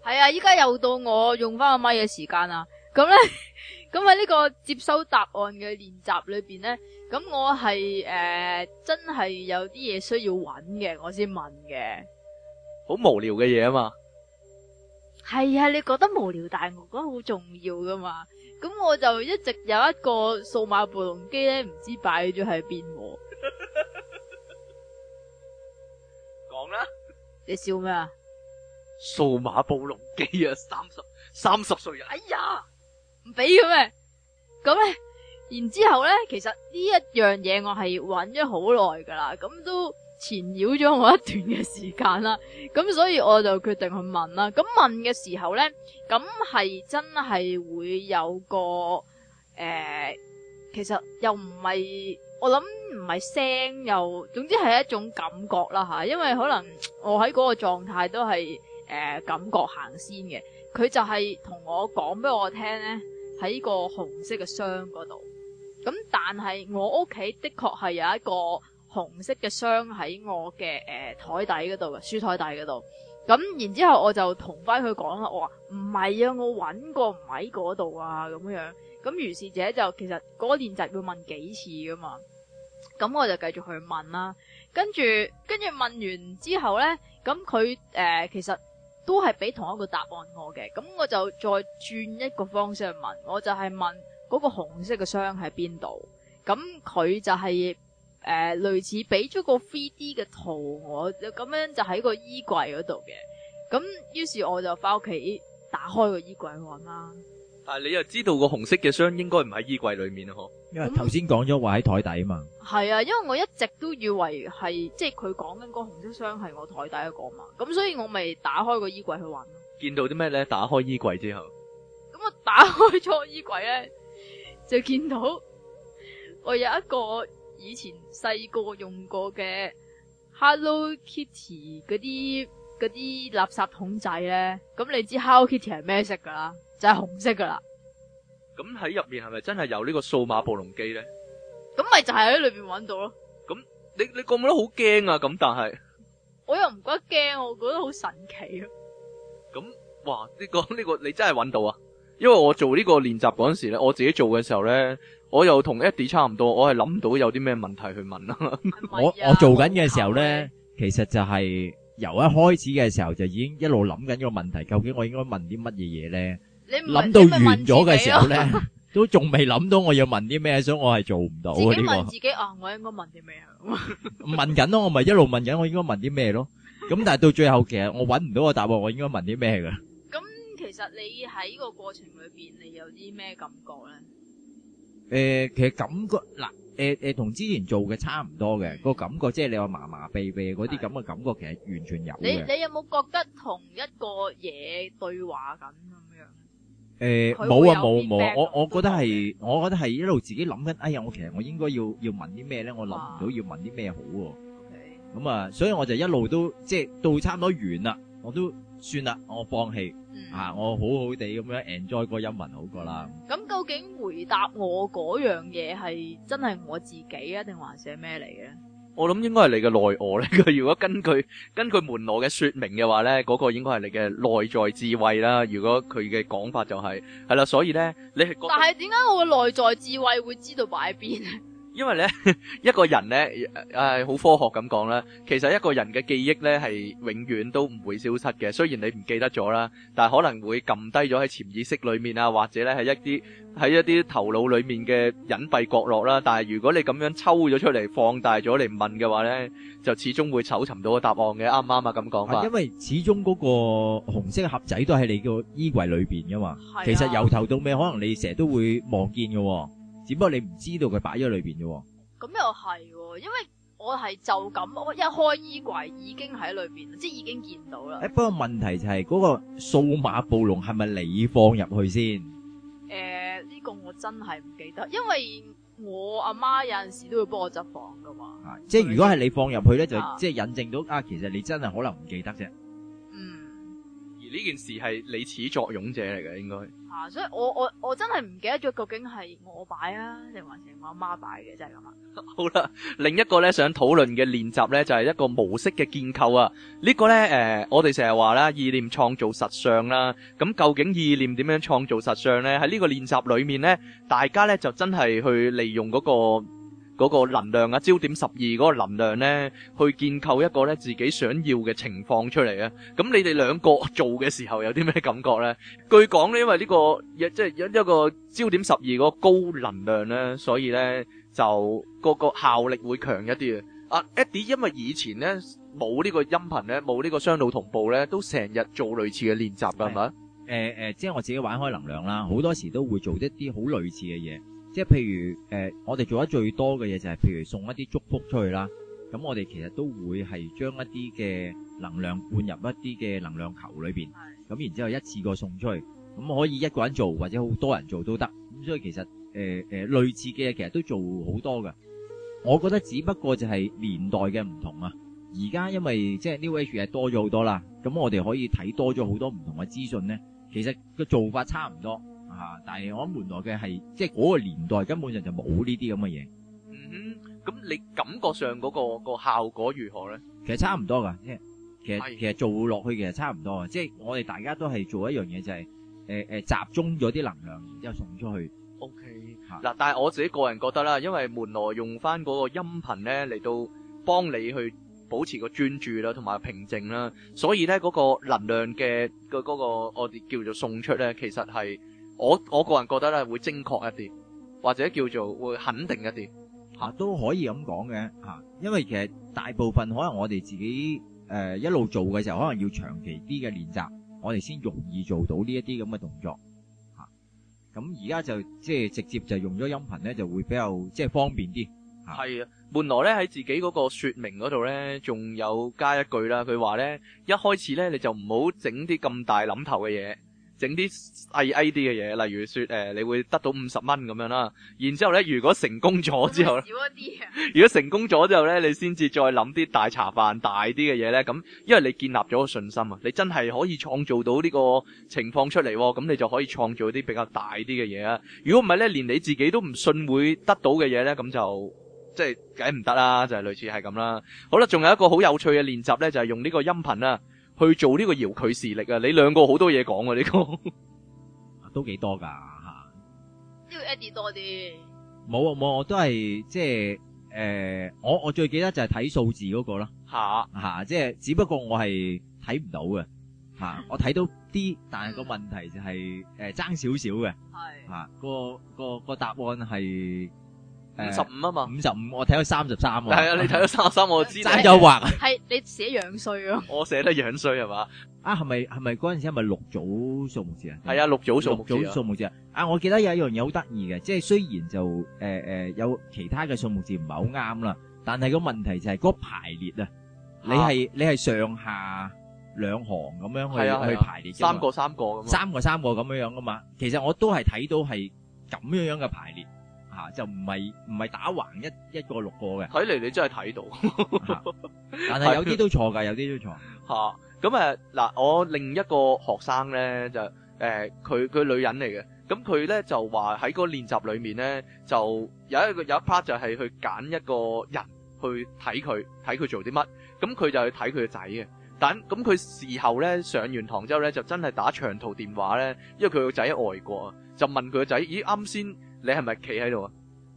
係啊，依家又到我用翻個咪嘅時間啦！咁咧，咁喺呢個接收答案嘅練習裏邊咧，咁我係誒、呃、真係有啲嘢需要揾嘅，我先問嘅。好無聊嘅嘢啊嘛！係啊，你覺得無聊，但係我覺得好重要噶嘛。咁我就一直有一個數碼暴龍機咧，唔知擺咗喺邊。講啦，你笑咩啊？數碼暴龍機啊，三十，三十歲啊，哎呀，唔俾嘅咩？咁咧，然之後咧，其實呢一樣嘢我係揾咗好耐噶啦，咁都。纏繞咗我一段嘅時間啦，咁所以我就決定去問啦。咁問嘅時候呢，咁係真係會有個誒，其實又唔係，我諗唔係聲，又總之係一種感覺啦，吓。因為可能我喺嗰個狀態都係誒感覺行先嘅，佢就係同我講俾我聽呢，喺個紅色嘅箱嗰度。咁但係我屋企的確係有一個。紅色嘅箱喺我嘅誒台底嗰度，嘅書台底嗰度，咁然之後我就同翻佢講啦，我話唔係啊，我搵過唔喺嗰度啊，咁樣，咁如是者就其實嗰個練習會問幾次㗎嘛，咁我就繼續去問啦，跟住跟住問完之後呢，咁佢誒其實都係俾同一個答案我嘅，咁我就再轉一個方式去問，我就係問嗰個紅色嘅箱喺邊度？咁佢就係、是。誒、呃，類似俾咗個 three D 嘅圖，我咁樣就喺個衣櫃嗰度嘅。咁於是我就翻屋企打開個衣櫃去玩啦。但係你又知道個紅色嘅箱應該唔喺衣櫃裏面啊？嗬，因為頭先講咗話喺台底啊嘛。係、嗯、啊，因為我一直都以為係即係佢講緊個紅色箱係我台底一個嘛。咁所以我咪打開個衣櫃去玩啦。見到啲咩咧？打開衣櫃之後，咁我打開咗衣櫃咧，就見到我有一個。以前細個用過嘅 Hello Kitty 嗰啲嗰啲垃圾桶仔咧，咁你知 Hello Kitty 係咩色噶啦？就係、是、紅色噶啦。咁喺入面係咪真係有個數碼呢個數碼暴龍機咧？咁咪就係喺裏邊搵到咯。咁你你覺唔覺得好驚啊？咁但係我又唔覺得驚，我覺得好神奇啊。咁哇！呢、這個呢、這個你真係搵到啊！因為我做呢個練習嗰陣時咧，我自己做嘅時候咧，我又同 Eddie 差唔多，我係諗唔到有啲咩問題去問啦、啊 。我我做緊嘅時候咧，其實就係由一開始嘅時候就已經一路諗緊個問題，究竟我應該問啲乜嘢嘢咧？諗到完咗嘅時候咧、啊，都仲未諗到我要問啲咩，所以我係做唔到、這個。自己問自己啊！我應該問啲咩？ 問緊咯，我咪一路問緊，我應該問啲咩咯？咁但係到最後其實我搵唔到個答案，我應該問啲咩噶？其實你喺呢個過程裏邊，你有啲咩感覺咧？誒、呃，其實感覺嗱，誒、呃、誒，同、呃、之前做嘅差唔多嘅、嗰個感覺，即係你話麻麻地地麻麻痹痹嗰啲咁嘅感覺，其實完全有。你你有冇覺得同一個嘢對話緊咁樣？誒、呃，冇啊，冇冇，我我覺得係，我覺得係一路自己諗緊，哎呀，我其實我應該要要問啲咩咧？我諗唔到要問啲咩好喎。咁啊、okay，所以我就一路都即係到差唔多完啦，我都。算啦，我放棄、嗯啊，我好好地咁樣 enjoy 個音文好過啦。咁究竟回答我嗰樣嘢，係真係我自己啊，定還寫咩嚟咧？我諗應該係你嘅內我咧。佢如果根據根據門羅嘅說明嘅話咧，嗰、嗰個應該係你嘅內在智慧啦。如果佢嘅講法就係係啦，所以咧你係但係點解我嘅內在智慧會知道擺喺邊咧？因為咧，一個人咧，誒、哎，好科學咁講啦，其實一個人嘅記憶咧係永遠都唔會消失嘅。雖然你唔記得咗啦，但係可能會撳低咗喺潛意識裏面啊，或者咧係一啲喺一啲頭腦裏面嘅隱蔽角落啦。但係如果你咁樣抽咗出嚟，放大咗嚟問嘅話咧，就始終會搜尋到個答案嘅。啱唔啱啊？咁講啊，因為始終嗰個紅色盒仔都喺你個衣櫃裏邊噶嘛。其實由頭到尾，可能你成日都會望見嘅。只不過你唔知道佢擺咗喺裏邊啫，咁又係，哦，因為我係就咁我一開衣櫃已經喺裏邊，即係已經見到啦。誒，不過問題就係嗰個數碼暴龍係咪你放入去先？誒，呢個我真係唔記得，因為我阿媽有陣時都會幫我執房噶嘛。啊，即係如果係你放入去咧，就即係引證到啊，其實你真係可能唔記得啫。呢件事係你始作俑者嚟嘅，應該啊，所以我我我真係唔記得咗究竟係我擺啊，定還是我阿媽擺嘅，真係咁啊。好啦，另一個咧想討論嘅練習咧，就係一個模式嘅建構啊。呢個咧誒，我哋成日話啦，意念創造實相啦。咁究竟意念點樣創造實相咧？喺呢個練習裡面咧，大家咧就真係去利用嗰個，嗰個能量啊，焦點十二嗰個能量咧，去建構一個咧自己想要嘅情況出嚟啊！咁你哋兩個做嘅時候有啲咩感覺咧？據講咧，因為呢個亦即係有一個焦點十二嗰高能量咧，所以咧就個個效力會強一啲啊。阿 Eddie 因為以前咧冇呢個音頻咧，冇呢個雙腦同步咧，都成日做類似嘅練習噶，係咪？誒誒，即係我自己玩開能量啦，好多時都會做一啲好類似嘅嘢。即係譬如，誒、呃，我哋做得最多嘅嘢就係、是、譬如送一啲祝福出去啦。咁我哋其實都會係將一啲嘅能量灌入一啲嘅能量球裏邊。咁然之後一次過送出去，咁可以一個人做或者好多人做都得。咁所以其實誒誒、呃呃、類似嘅嘢其實都做好多㗎。我覺得只不過就係年代嘅唔同啊。而家因為即係 New Age 係多咗好多啦。咁我哋可以睇多咗好多唔同嘅資訊咧。其實個做法差唔多。吓，但係我喺門羅嘅係，即係嗰個年代根本上就冇呢啲咁嘅嘢。嗯哼，咁你感覺上嗰個個效果如何咧？其實差唔多㗎，即係其實其實做落去其實差唔多嘅，即係我哋大家都係做一樣嘢，就係誒誒集中咗啲能量，然之後送出去。OK。嗱，但係我自己個人覺得啦，因為門羅用翻嗰個音頻咧嚟到幫你去保持個專注啦，同埋平靜啦，所以咧嗰個能量嘅嘅嗰個我哋叫做送出咧，其實係。我我個人覺得咧會精確一啲，或者叫做會肯定一啲，吓、啊、都可以咁講嘅吓。因為其實大部分可能我哋自己誒、呃、一路做嘅時候，可能要長期啲嘅練習，我哋先容易做到呢一啲咁嘅動作吓。咁而家就即係、就是、直接就用咗音頻咧，就會比較即係、就是、方便啲。係啊，門羅咧喺自己嗰個說明嗰度咧，仲有加一句啦，佢話咧一開始咧你就唔好整啲咁大諗頭嘅嘢。整啲細細啲嘅嘢，例如說誒、欸，你會得到五十蚊咁樣啦。然之後呢，如果成功咗之後呢、啊、 如果成功咗之後呢，你先至再諗啲大茶飯大啲嘅嘢呢。咁，因為你建立咗個信心啊，你真係可以創造到呢個情況出嚟，咁你就可以創造啲比較大啲嘅嘢啊。如果唔係呢，連你自己都唔信會得到嘅嘢呢，咁就即係梗唔得啦，就係、是、類似係咁啦。好啦，仲有一個好有趣嘅練習呢，就係、是、用呢個音頻啊。去做呢個遙距視力啊！你兩個好多嘢講啊！呢個都幾多噶吓，呢個 Eddie 多啲。冇啊冇，我都係即係誒，我我最記得就係睇數字嗰個啦。吓吓，即係只不過我係睇唔到嘅吓，我睇到啲，但係個問題就係誒爭少少嘅係吓，個個個答案係。五十五啊嘛，五十五我睇到三十三喎。係啊，你睇到三十三我知。又滑，係你寫樣衰咯。我寫得樣衰係嘛？啊，係咪係咪嗰陣時係咪六組數目字啊？係啊，六組數目字啊。六組數目字啊。啊，我記得有一樣嘢好得意嘅，即係雖然就誒誒有其他嘅數目字唔係好啱啦，但係個問題就係嗰排列啊，你係你係上下兩行咁樣去去排列，三個三個咁，三個三個咁樣樣噶嘛。其實我都係睇到係咁樣樣嘅排列。就唔係唔係打橫一一個六個嘅，睇嚟，你真係睇到， 但係有啲都錯㗎，有啲都錯、 啊。吓，咁，嗱我另一個學生咧就誒，佢、欸、佢女人嚟嘅，咁佢咧就話喺個練習裏面咧，就有一個有一 part 就係去揀一個人去睇佢睇佢做啲乜，咁佢就去睇佢個仔嘅。但咁佢事後咧上完堂之後咧，就真係打長途電話咧，因為佢個仔喺外國啊，就問佢個仔，咦，啱先。你係咪企喺度啊？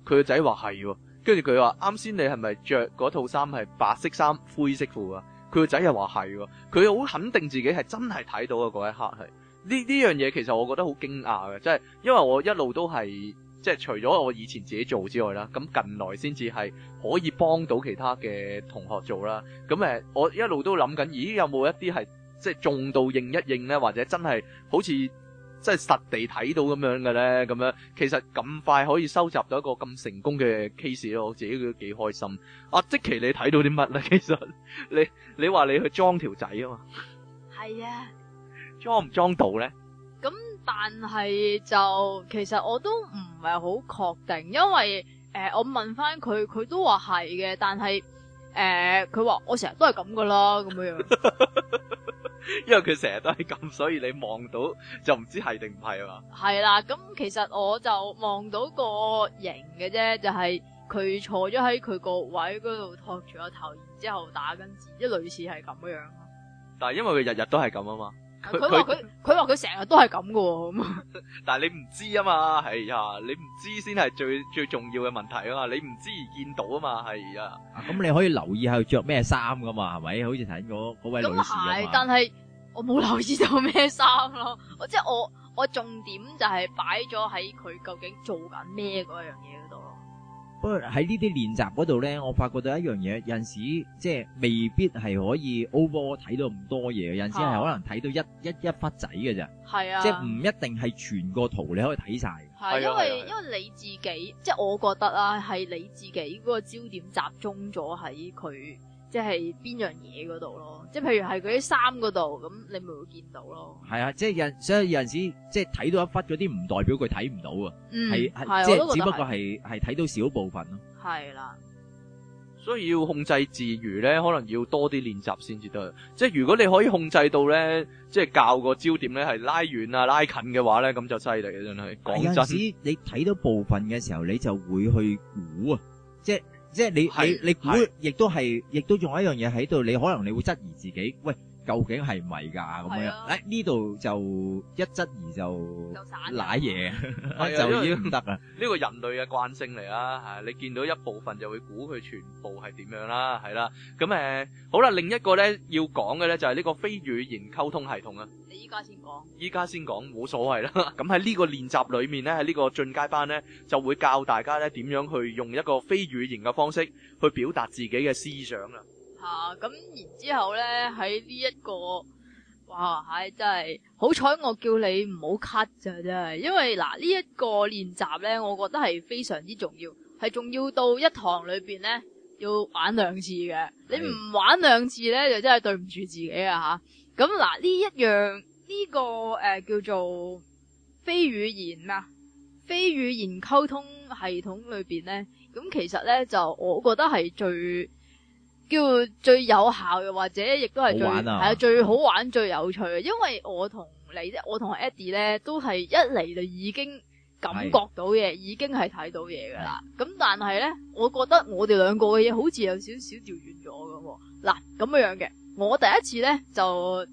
佢個仔話係喎，跟住佢話啱先你係咪着嗰套衫係白色衫灰色褲啊？佢個仔又話係喎，佢好肯定自己係真係睇到嘅。嗰一刻係呢呢樣嘢，其實我覺得好驚訝嘅，即係因為我一路都係即係除咗我以前自己做之外啦，咁近來先至係可以幫到其他嘅同學做啦。咁誒，我一路都諗緊，咦有冇一啲係即係重度應一應咧，或者真係好似？即係實地睇到咁樣嘅咧，咁樣其實咁快可以收集到一個咁成功嘅 case 咯，我自己都幾開心。啊，即期你睇到啲乜咧？其實你你話你去裝條仔啊嘛？係啊，裝唔裝到咧？咁但係就其實我都唔係好確定，因為誒、呃、我問翻佢，佢都話係嘅，但係誒佢話我成日都係咁噶啦，咁樣。 因為佢成日都係咁，所以你望到就唔知係定唔係啊嘛。係啦，咁其實我就望到個型嘅啫，就係、是、佢坐咗喺佢個位嗰度托住個頭，然之後打緊字，即類似係咁樣樣咯。但係因為佢日日都係咁啊嘛。佢話佢佢話佢成日都係咁噶喎，咁 但係你唔知啊嘛，係呀、啊！你唔知先係最最重要嘅問題啊嘛，你唔知而見到啊嘛，係啊咁、啊、你可以留意下佢着咩衫噶嘛，係咪？好似頭先嗰位女士，但係我冇留意到咩衫咯。我即係我我重點就係擺咗喺佢究竟做緊咩嗰樣嘢。喺呢啲練習嗰度咧，我發覺到一樣嘢，有陣時即係未必係可以 over 睇到咁多嘢，有陣時係可能睇到一、啊、一一忽仔嘅咋，啊、即係唔一定係全個圖你可以睇晒。係因為是啊是啊因為你自己，即係我覺得啦、啊，係你自己個焦點集中咗喺佢。即係邊樣嘢嗰度咯，即係譬如係佢啲衫嗰度，咁你咪會見到咯。係啊，即係有所以有陣時即係睇到一忽嗰啲唔代表佢睇唔到啊，係、嗯、係即係只不過係係睇到少部分咯。係啦，所以要控制自如咧，可能要多啲練習先至得。即係如果你可以控制到咧，即係較個焦點咧係拉遠啊、拉近嘅話咧，咁就犀利啊！真係講。有陣時你睇到部分嘅時候，你就會去估啊，即係。即係你你你估，亦都係，亦都仲有一樣嘢喺度。你可能你會質疑自己，喂。究竟係咪㗎咁樣？誒呢度就一質疑就賴嘢，就依咁得啊！呢個人類嘅慣性嚟啦，吓你見到一部分就會估佢全部係點樣啦，係啦。咁誒好啦，另一個咧要講嘅咧就係呢個非語言溝通系統啊。你依家先講，依家先講冇所謂啦。咁喺呢個練習裡面咧，喺呢個進階班咧就會教大家咧點樣去用一個非語言嘅方式去表達自己嘅思想啊！啊，咁然之後呢，喺呢一個哇，唉、哎、真係好彩我叫你唔好 cut 咋，真係，因為嗱呢一個練習呢，我覺得係非常之重要，係重要到一堂裏邊呢，要玩兩次嘅，你唔玩兩次呢，就真係對唔住自己啊吓。咁嗱呢一樣呢、呢個誒、呃、叫做非語言啊？非語言溝通系統裏邊呢，咁其實呢，就我覺得係最。叫最有效嘅，或者亦都係最係啊最好玩、最有趣嘅。因為我同你啫，我同 Eddie 咧都係一嚟就已經感覺到嘢，是的已經係睇到嘢噶啦。咁但係咧，我覺得我哋兩個嘅嘢好似有少少調轉咗咁，哦。嗱咁樣嘅，我第一次咧就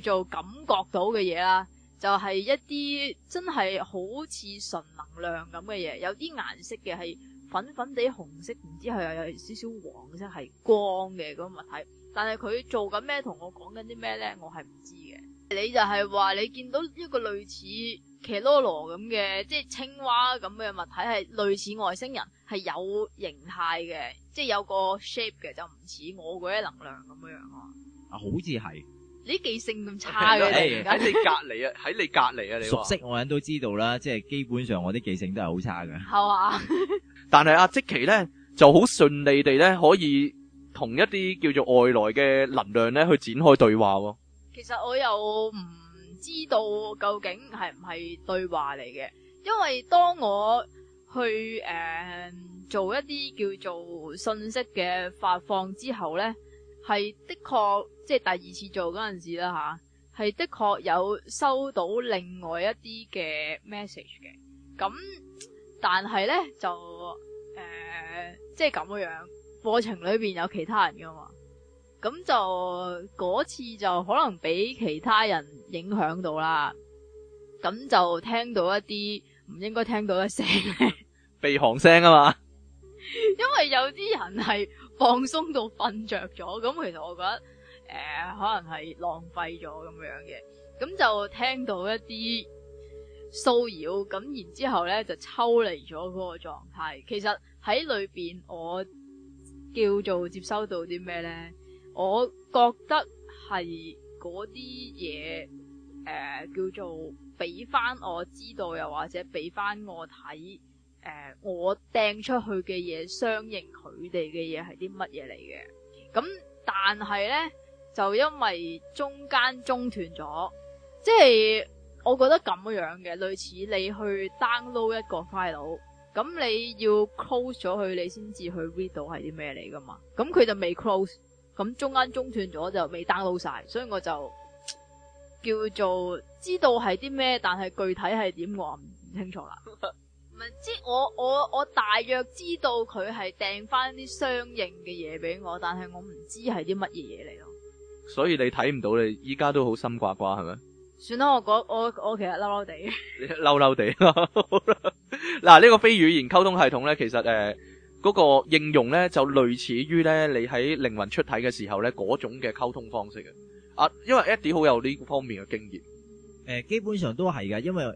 叫做感覺到嘅嘢啦，就係，是，一啲真係好似純能量咁嘅嘢，有啲顏色嘅係，粉粉地紅色，唔知係又有少少黃色係光嘅咁物體，但係佢做緊咩？同我講緊啲咩咧？我係唔知嘅。你就係話你見到一個類似奇洛羅咁嘅，即係青蛙咁嘅物體，係類似外星人，係有形態嘅，即係有個 shape 嘅，就唔似我嗰啲能量咁樣樣啊。好似係。你記性咁差嘅，喺、欸、你隔籬啊，喺你隔籬啊，你熟悉我人都知道啦，即係基本上我啲記性都係好差嘅。係啊。 但係阿積奇呢，就好順利地呢可以同一啲叫做外來嘅能量呢去展開對話喎。其實我又唔知道究竟係唔係對話嚟嘅，因為當我去誒做一啲叫做信息嘅發放之後呢，係的確即係第二次做嗰陣時啦吓，係的確有收到另外一啲嘅 message 嘅咁。但係呢，就誒即係咁樣，過程裏邊有其他人噶嘛，咁就嗰次就可能俾其他人影響到啦，咁就聽到一啲唔應該聽到嘅聲，鼻鼾聲啊嘛，因為有啲人係放鬆到瞓着咗，咁其實我覺得誒、呃、可能係浪費咗咁樣嘅，咁就聽到一啲。騷擾咁，然之後呢就抽離咗嗰個狀態。其實喺裏邊，我叫做接收到啲咩呢？我覺得係嗰啲嘢，誒、呃，叫做俾翻我知道，又或者俾翻我睇，誒、呃，我掟出去嘅嘢，相應佢哋嘅嘢係啲乜嘢嚟嘅？咁但係呢，就因為中間中斷咗，即係。我覺得咁樣嘅，類似你去 download 一個 file，咁你要 close 咗佢，你先至去 read 到係啲咩嚟噶嘛？咁佢就未 close，咁中間中斷咗就未 download 晒，所以我就叫做知道係啲咩，但係具體係點我唔清楚啦。唔 知我我我大約知道佢係掟翻啲相應嘅嘢俾我，但係我唔知係啲乜嘢嘢嚟咯。所以你睇唔到你依家都好心掛掛係咪？算啦，我我我其實嬲嬲地，嬲嬲地啦。嗱，呢個非語言溝通系統咧，其實誒，嗰個應用咧就類似於咧，你喺靈魂出體嘅時候咧嗰種嘅溝通方式嘅。啊，因為 Eddie 好有呢個方面嘅經驗。誒，基本上都係噶，因為誒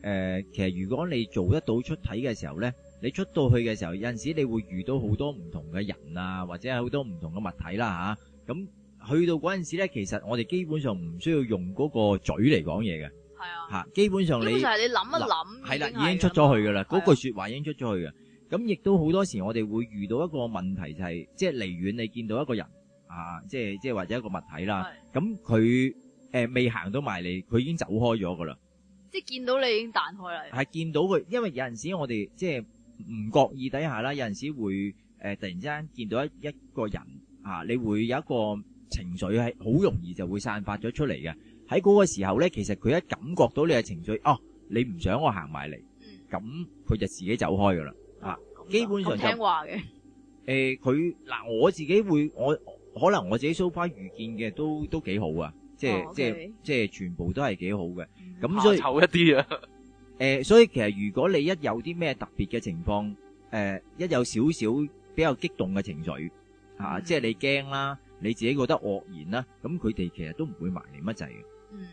誒，其實如果你做得到出體嘅時候咧，你出到去嘅時候，有陣時你會遇到好多唔同嘅人啊，或者係好多唔同嘅物體啦吓，咁。去到嗰陣時咧，其實我哋基本上唔需要用嗰個嘴嚟講嘢嘅，係啊，吓基本上你就係你諗一諗，係啦，已經出咗去㗎啦，嗰、啊、句説話已經出咗去嘅。咁亦都好多時，我哋會遇到一個問題，就係，就係即係離遠你見到一個人啊，即係即係或者一個物體啦，咁佢、呃、未行到埋嚟，佢已經走開咗㗎啦。即係見到你已經彈開啦。係見到佢，因為有陣時我哋即係唔覺意底下啦，有陣時會、呃、突然之間見到一一個人啊，你會有一個情緒係好容易就會散發咗出嚟嘅，喺嗰個時候咧，其實佢一感覺到你嘅情緒，哦，你唔想我行埋嚟，咁佢就自己走開噶啦。啊，基本上就聽話嘅。誒，佢嗱，我自己會，我可能我自己 so far 遇見嘅都都幾好啊，即係即係即係全部都係幾好嘅。咁所以醜一啲啊。誒，所以其實如果你一有啲咩特別嘅情況，誒，一有少少比較激動嘅情緒，啊，即係你驚啦。你自己覺得愕然啦，咁佢哋其實都唔會埋你乜滯嘅。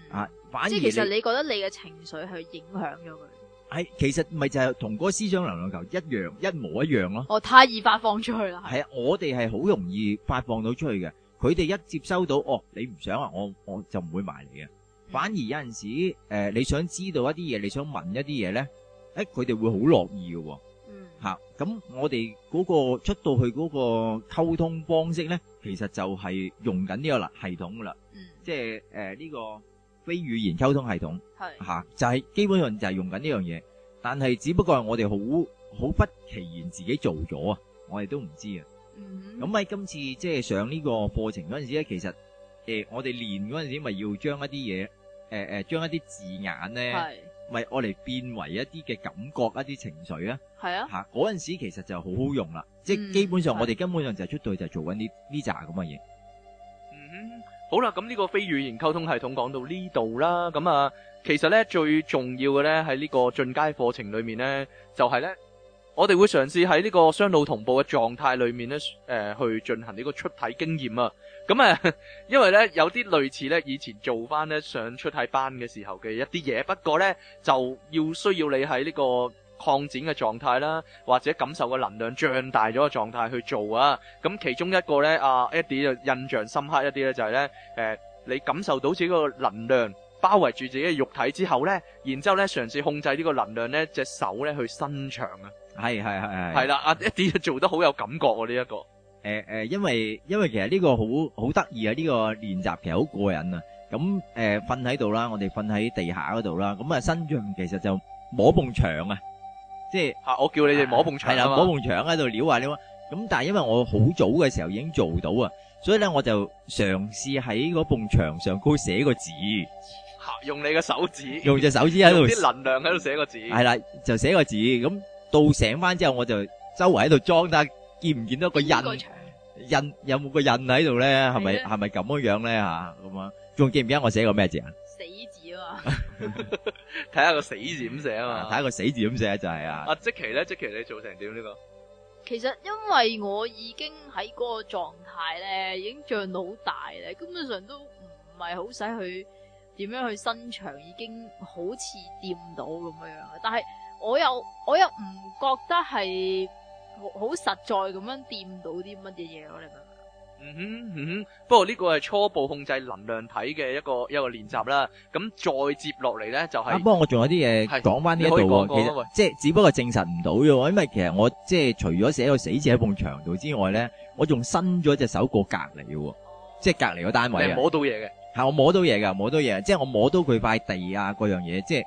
啊、嗯，反而其實你覺得你嘅情緒係影響咗佢，係其實咪就係同嗰個思想能量球一樣一模一樣咯。哦，太易發放出去啦。係啊，我哋係好容易發放到出去嘅，佢哋一接收到，哦，你唔想啊，我我就唔會埋你嘅。反而有陣時，誒、呃，你想知道一啲嘢，你想問一啲嘢咧，誒，佢哋會好樂意嘅。嗯，吓、啊，咁我哋嗰、那個出到去嗰個溝通方式咧。其實就係用緊呢個啦系統噶啦，嗯，即係誒呢個非語言溝通系統，係啊、就係、係、基本上就係用緊呢樣嘢，但係只不過係我哋好好不其然自己做咗啊，我哋都唔知啊。咁，嗯、喺今次即係上呢個課程嗰陣時咧，其實、呃、我哋練嗰陣時將，咪要將一啲嘢誒將一啲字眼咧。咪我嚟變為一啲嘅感覺，一啲情緒啊，係啊，吓嗰陣時其實就好好用啦，嗯，即係基本上我哋根本上就出到就就做緊呢呢扎咁嘅嘢。嗯，好啦，咁呢個非語言溝通系統講到呢度啦，咁啊，其實呢最重要嘅呢，喺呢個進階課程裏面呢，就係呢我哋會嘗試喺呢個雙腦同步嘅狀態裏面呢，誒，去進行呢個出體經驗啊。咁啊，因為咧有啲類似咧以前做翻咧上出體班嘅時候嘅一啲嘢，不過咧就要需要你喺呢個擴展嘅狀態啦，或者感受個能量脹大咗嘅狀態去做啊。咁其中一個咧，阿 Edie 就印象深刻一啲咧，就係咧，誒，你感受到自己個能量包圍住自己嘅肉體之後咧，然之後咧嘗試控制呢個能量咧隻手咧去伸長啊。係係係係。係啦，阿 Edie 就做得好有感覺喎，呢一個。誒、呃、誒，因為因為其實呢個好好得意啊！呢、這個練習其實好過癮啊。咁誒，瞓喺度啦，我哋瞓喺地下嗰度啦。咁啊，身上其實就摸埲牆、就是、啊，即係吓我叫你哋摸埲牆係啦，摸埲牆喺度撩下撩下。咁但係因為我好早嘅時候已經做到啊，所以咧我就嘗試喺嗰埲牆上高寫個字，吓用你嘅手指，用隻手指喺度，用啲能量喺度寫個字，係啦就寫個字。咁到醒翻之後，我就周圍喺度裝得。見唔見到一個印？這個、印有冇個印喺度咧？係咪係咪咁樣樣咧？吓咁樣，仲記唔記得我寫個咩字啊？死字啊嘛，睇下個死字點寫啊嘛，睇下個死字點寫就係啊，啊。阿即期咧，即期你做成點呢個？其實因為我已經喺嗰個狀態咧，已經脹到好大咧，根本上都唔係好使去點樣去伸長，已經好似掂到咁樣樣。但係我，我又我又唔覺得係。好實在咁樣掂到啲乜嘢嘢咯，你明唔明？嗯哼嗯哼，不過呢個係初步控制能量體嘅一個一個練習啦。咁再接落嚟咧，就係不過我仲有啲嘢講翻呢一度嘅，即係、okay. 只不過證實唔到嘅，因為其實我即係除咗寫個「死者」喺埲牆度之外咧，我仲伸咗隻手過隔籬嘅，即係隔籬個單位啊，摸到嘢嘅，係我摸到嘢噶，摸到嘢，即係我摸到佢塊地啊，各樣嘢，即係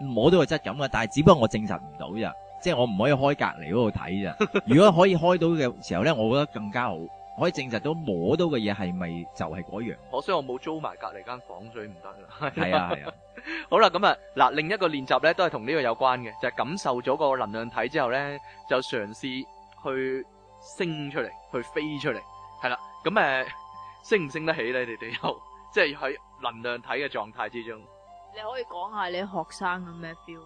摸到個質感噶，但係只不過我證實唔到咋。即係我唔可以開隔籬嗰度睇咋，如果可以開到嘅時候咧，我覺得更加好，可以證實到摸到嘅嘢係咪就係嗰樣？可惜所以我冇租埋隔籬間房間，所以唔得啦。係啊，係啊，好啦，咁啊，嗱， 另一個練習咧都係同呢個有關嘅，就係、是、感受咗個能量體之後咧，就嘗試去升出嚟，去飛出嚟，係啦、啊，咁誒，升唔升得起咧？你哋又即係喺能量體嘅狀態之中，你可以講下你學生嘅咩 feel？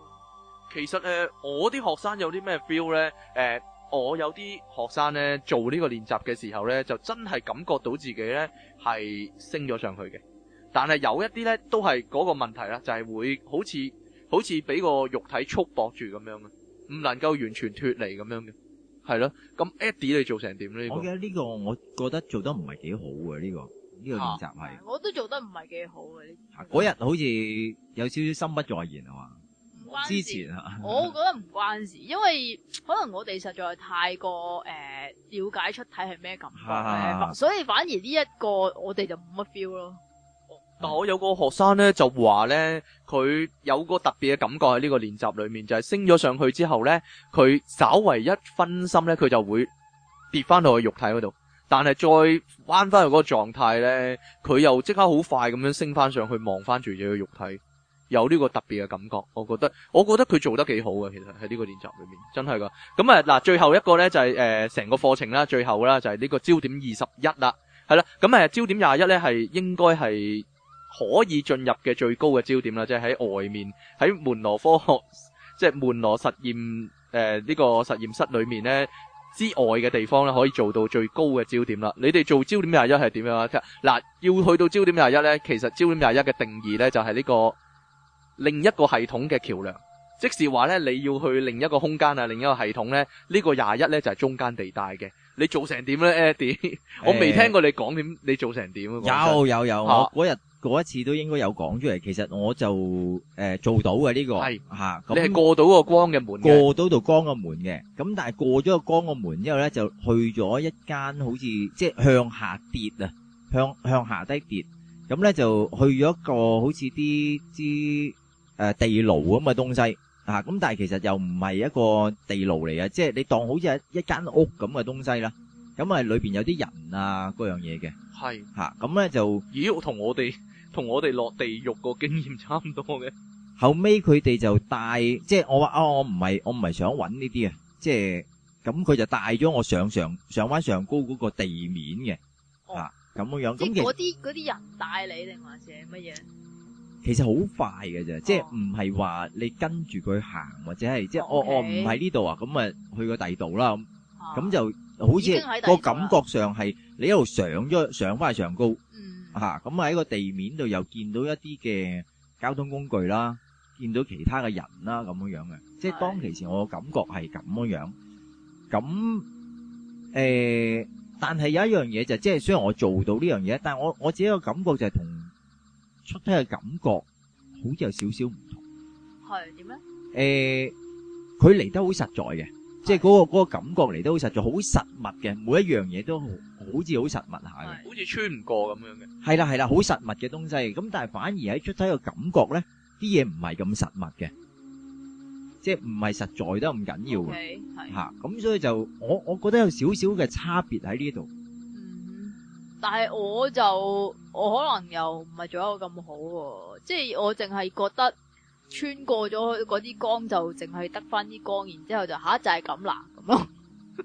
其實咧，呃，我啲學生有啲咩 feel 咧？誒、呃，我有啲學生咧做呢個練習嘅時候咧，就真係感覺到自己咧係升咗上去嘅。但係有一啲咧都係嗰個問題啦，就係、是、會好似好似俾個肉體束縛住咁樣啊，唔能夠完全脫離咁樣嘅，係咯。咁 Eddie 你做成點咧？我記得呢個我覺得做得唔係幾好嘅呢，這個呢，這個練習係。我都做得唔係幾好嘅呢。嗰、啊、日好似有少少心不在焉啊嘛。之前啊，我覺得唔關事，因為可能我哋實在太過誒了解出體係咩感覺，所以反而呢一個我哋就冇乜 feel 咯。但係我有個學生呢就話呢，佢有個特別嘅感覺喺呢個練習裡面，就係升咗上去之後呢，佢稍為一分心呢，佢就會跌翻到去肉體嗰度。但係再彎翻去嗰個狀態咧，佢又即刻好快咁樣升翻上去望翻住自己嘅肉體。有呢個特別嘅感覺，我覺得我覺得佢做得幾好嘅。其實喺呢個練習裏面真係噶。咁啊嗱，最後一個咧就係誒成個課程啦，最後啦就係呢個焦點二十一啦，係啦。咁誒焦點廿一咧係應該係可以進入嘅最高嘅焦點啦，即係喺外面喺門羅科學即係門羅實驗誒呢個實驗室裏面咧之外嘅地方咧可以做到最高嘅焦點啦。你哋做焦點廿一係點樣咧？嗱，要去到焦點廿一咧，其實焦點廿一嘅定義咧就係呢個。另一個系統嘅橋梁，即是話咧你要去另一個空間啊，另一個系統咧呢個廿一咧就係中間地帶嘅，你做成點咧？Eddie？我未聽過你講點，你做成點啊？有有有，我嗰日嗰一次都應該有講出嚟。其實我就誒做到嘅呢個係吓，你係過到個光嘅門，過到度光嘅門嘅。咁但係過咗個光嘅門之後咧，就去咗一間好似即係向下跌啊，向向下低跌。咁咧就去咗一個好似啲啲。誒，地牢咁嘅東西啊，咁但係其實又唔係一個地牢嚟啊，即係你當好似係一一間屋咁嘅東西啦，咁啊裏邊有啲人啊嗰樣嘢嘅，係吓，咁咧就，咦，同我哋同我哋落地獄個經驗差唔多嘅，後尾佢哋就帶，即係我話啊，我唔係我唔係想搵呢啲啊，即係，咁佢就帶咗我上上上翻上高嗰個地面嘅，啊，咁樣樣，即係嗰啲嗰啲人帶你定還是乜嘢？其實好快嘅啫，即係唔係話你跟住佢行或者係即係我我唔喺呢度啊，咁啊去過第二度啦，咁咁就好似個感覺上係你一路上咗上翻去上高，吓，咁啊喺個地面度又見到一啲嘅交通工具啦，見到其他嘅人啦咁樣樣嘅，即係當其時我感覺係咁樣樣，咁誒，但係有一樣嘢就即係雖然我做到呢樣嘢，但係我我自己個感覺就係同。出體嘅感覺好似有少少唔同，係點咧？誒，佢嚟得好實在嘅，即係嗰個嗰個感覺嚟得好實在，好實物嘅，每一樣嘢都好似好實物下嘅，好似穿唔過咁樣嘅，係啦係啦，好實物嘅東西。咁但係反而喺出體嘅感覺咧，啲嘢唔係咁實物嘅，即係唔係實在得咁緊要嘅，吓。咁所以就我我覺得有少少嘅差別喺呢度。但係我就我可能又唔係做一個咁好，即係我淨係覺得穿過咗嗰啲光就淨係得翻啲光，然之後就吓、啊、就係咁啦咁咯。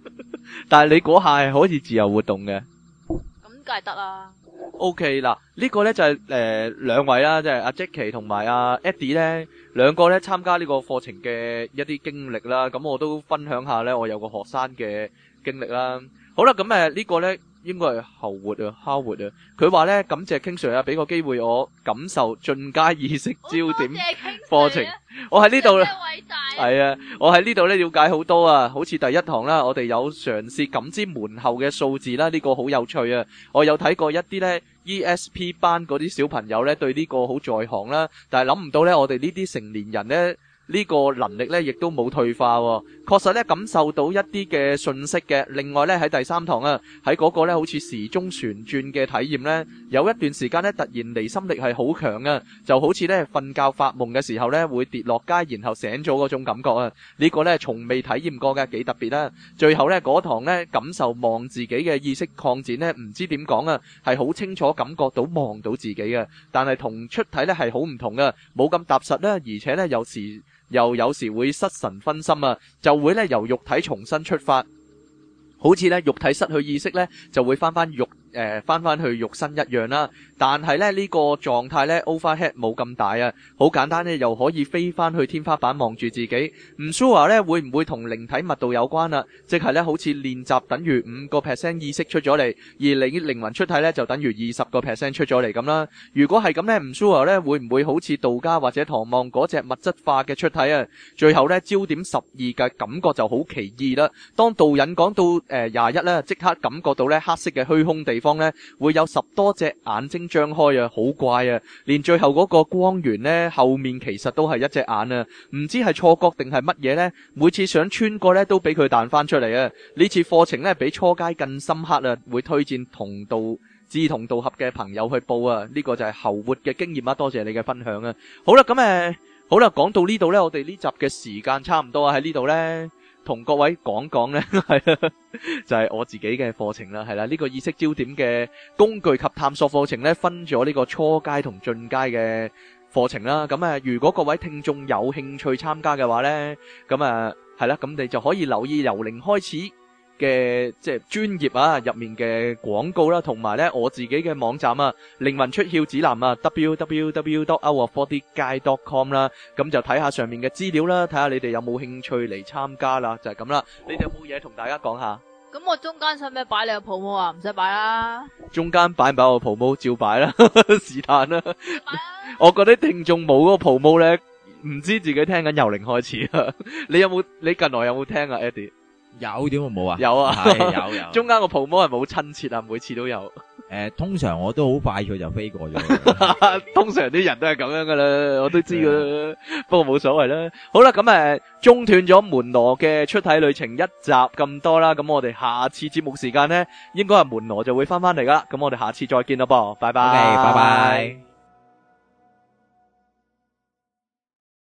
但係你嗰下係可以自由活動嘅，咁梗係得啦。OK、這、嗱、個就是，呢個咧就係誒兩位啦，即係阿 Jackie 同埋阿 Eddie 咧，兩個咧參加呢個課程嘅一啲經歷啦。咁我都分享下咧，我有個學生嘅經歷啦。好啦，咁誒、呃這個、呢個咧。應該係後活啊，哈活啊！佢話咧，感謝 King Sir 啊，俾個機會我感受進階意識焦點課程。我喺呢度啦，係啊，我喺呢度咧了解好多啊，好似第一堂啦，我哋有嘗試感知門後嘅數字啦，呢個好有趣啊！我有睇過一啲咧 ESP 班嗰啲小朋友咧，對呢個好在行啦，但係諗唔到咧，我哋呢啲成年人咧，呢個能力呢，亦都冇退化，確實呢感受到一啲嘅信息嘅。另外呢喺第三堂啊，喺嗰個呢好似時鐘旋轉嘅體驗呢，有一段時間呢突然離心力係好強啊，就好似呢瞓覺發夢嘅時候呢會跌落街，然後醒咗嗰種感覺啊。呢個呢從未體驗過嘅，幾特別啦。最後呢嗰堂呢感受望自己嘅意識擴展呢，唔知點講啊，係好清楚感覺到望到自己嘅，但係同出體呢係好唔同嘅，冇咁踏實啦，而且呢有時。又有時會失神分心啊，就會咧由肉體重新出發，好似咧肉體失去意識咧，就會返返肉。誒翻翻去肉身一樣啦，但係咧呢個狀態咧 overhead 冇咁大啊，好簡單咧又可以飛翻去天花板望住自己。唔 sure 咧會唔會同靈體密度有關啦？即係咧好似練習等於五個 percent 意識出咗嚟，而靈靈魂出體咧就等於二十個 percent 出咗嚟咁啦。如果係咁咧，唔 sure 咧會唔會好似道家或者唐望嗰隻物質化嘅出體啊？最後咧焦點十二嘅感覺就好奇異啦。當導引講到誒廿一咧，即刻感覺到咧黑色嘅虛空地。方咧會有十多隻眼睛張開啊，好怪啊！連最後嗰個光源呢，後面其實都係一隻眼啊，唔知係錯覺定係乜嘢呢？每次想穿過呢，都俾佢彈翻出嚟啊！呢次課程呢，比初階更深刻啊，會推薦同道志同道合嘅朋友去報啊！呢個就係侯活嘅經驗啊，多謝你嘅分享啊！好啦，咁誒，好啦，講到呢度呢，我哋呢集嘅時間差唔多啊，喺呢度呢。同各位講講呢係就係我自己嘅課程啦，係啦，呢個意識焦點嘅工具及探索課程呢，分咗呢個初階同進階嘅課程啦。咁啊，如果各位聽眾有興趣參加嘅話呢，咁啊係啦，咁你就可以留意由零開始嘅即係專業啊，入面嘅廣告啦，同埋咧我自己嘅網站啊，靈魂出竅指南啊，www.hour40guy.com 啦，咁就睇下上面嘅資料啦，睇下你哋有冇興趣嚟參加啦，就係咁啦。你哋有冇嘢同大家講下？咁我中間使唔使擺你個 promo 啊？唔使擺啦。中間擺唔擺我個 promo？照擺啦，是但啦。擺啦，我覺得聽眾冇嗰個 promo 咧，唔知自己聽緊由零開始啊。你有冇？你近來有冇聽啊，Eddie？有點會冇啊有啊有啊啊有,有 中間個泡沫係冇親切啊每次都有誒、 呃、通常我都好快佢就飛過咗 通常啲人都係咁樣噶啦我都知噶啦不過冇所謂啦好啦咁誒中斷咗門羅嘅出體旅程一集咁多啦咁我哋下次節目時間咧應該係門羅就會翻翻嚟噶啦咁我哋下次再見啦噃拜拜拜拜。Okay, bye bye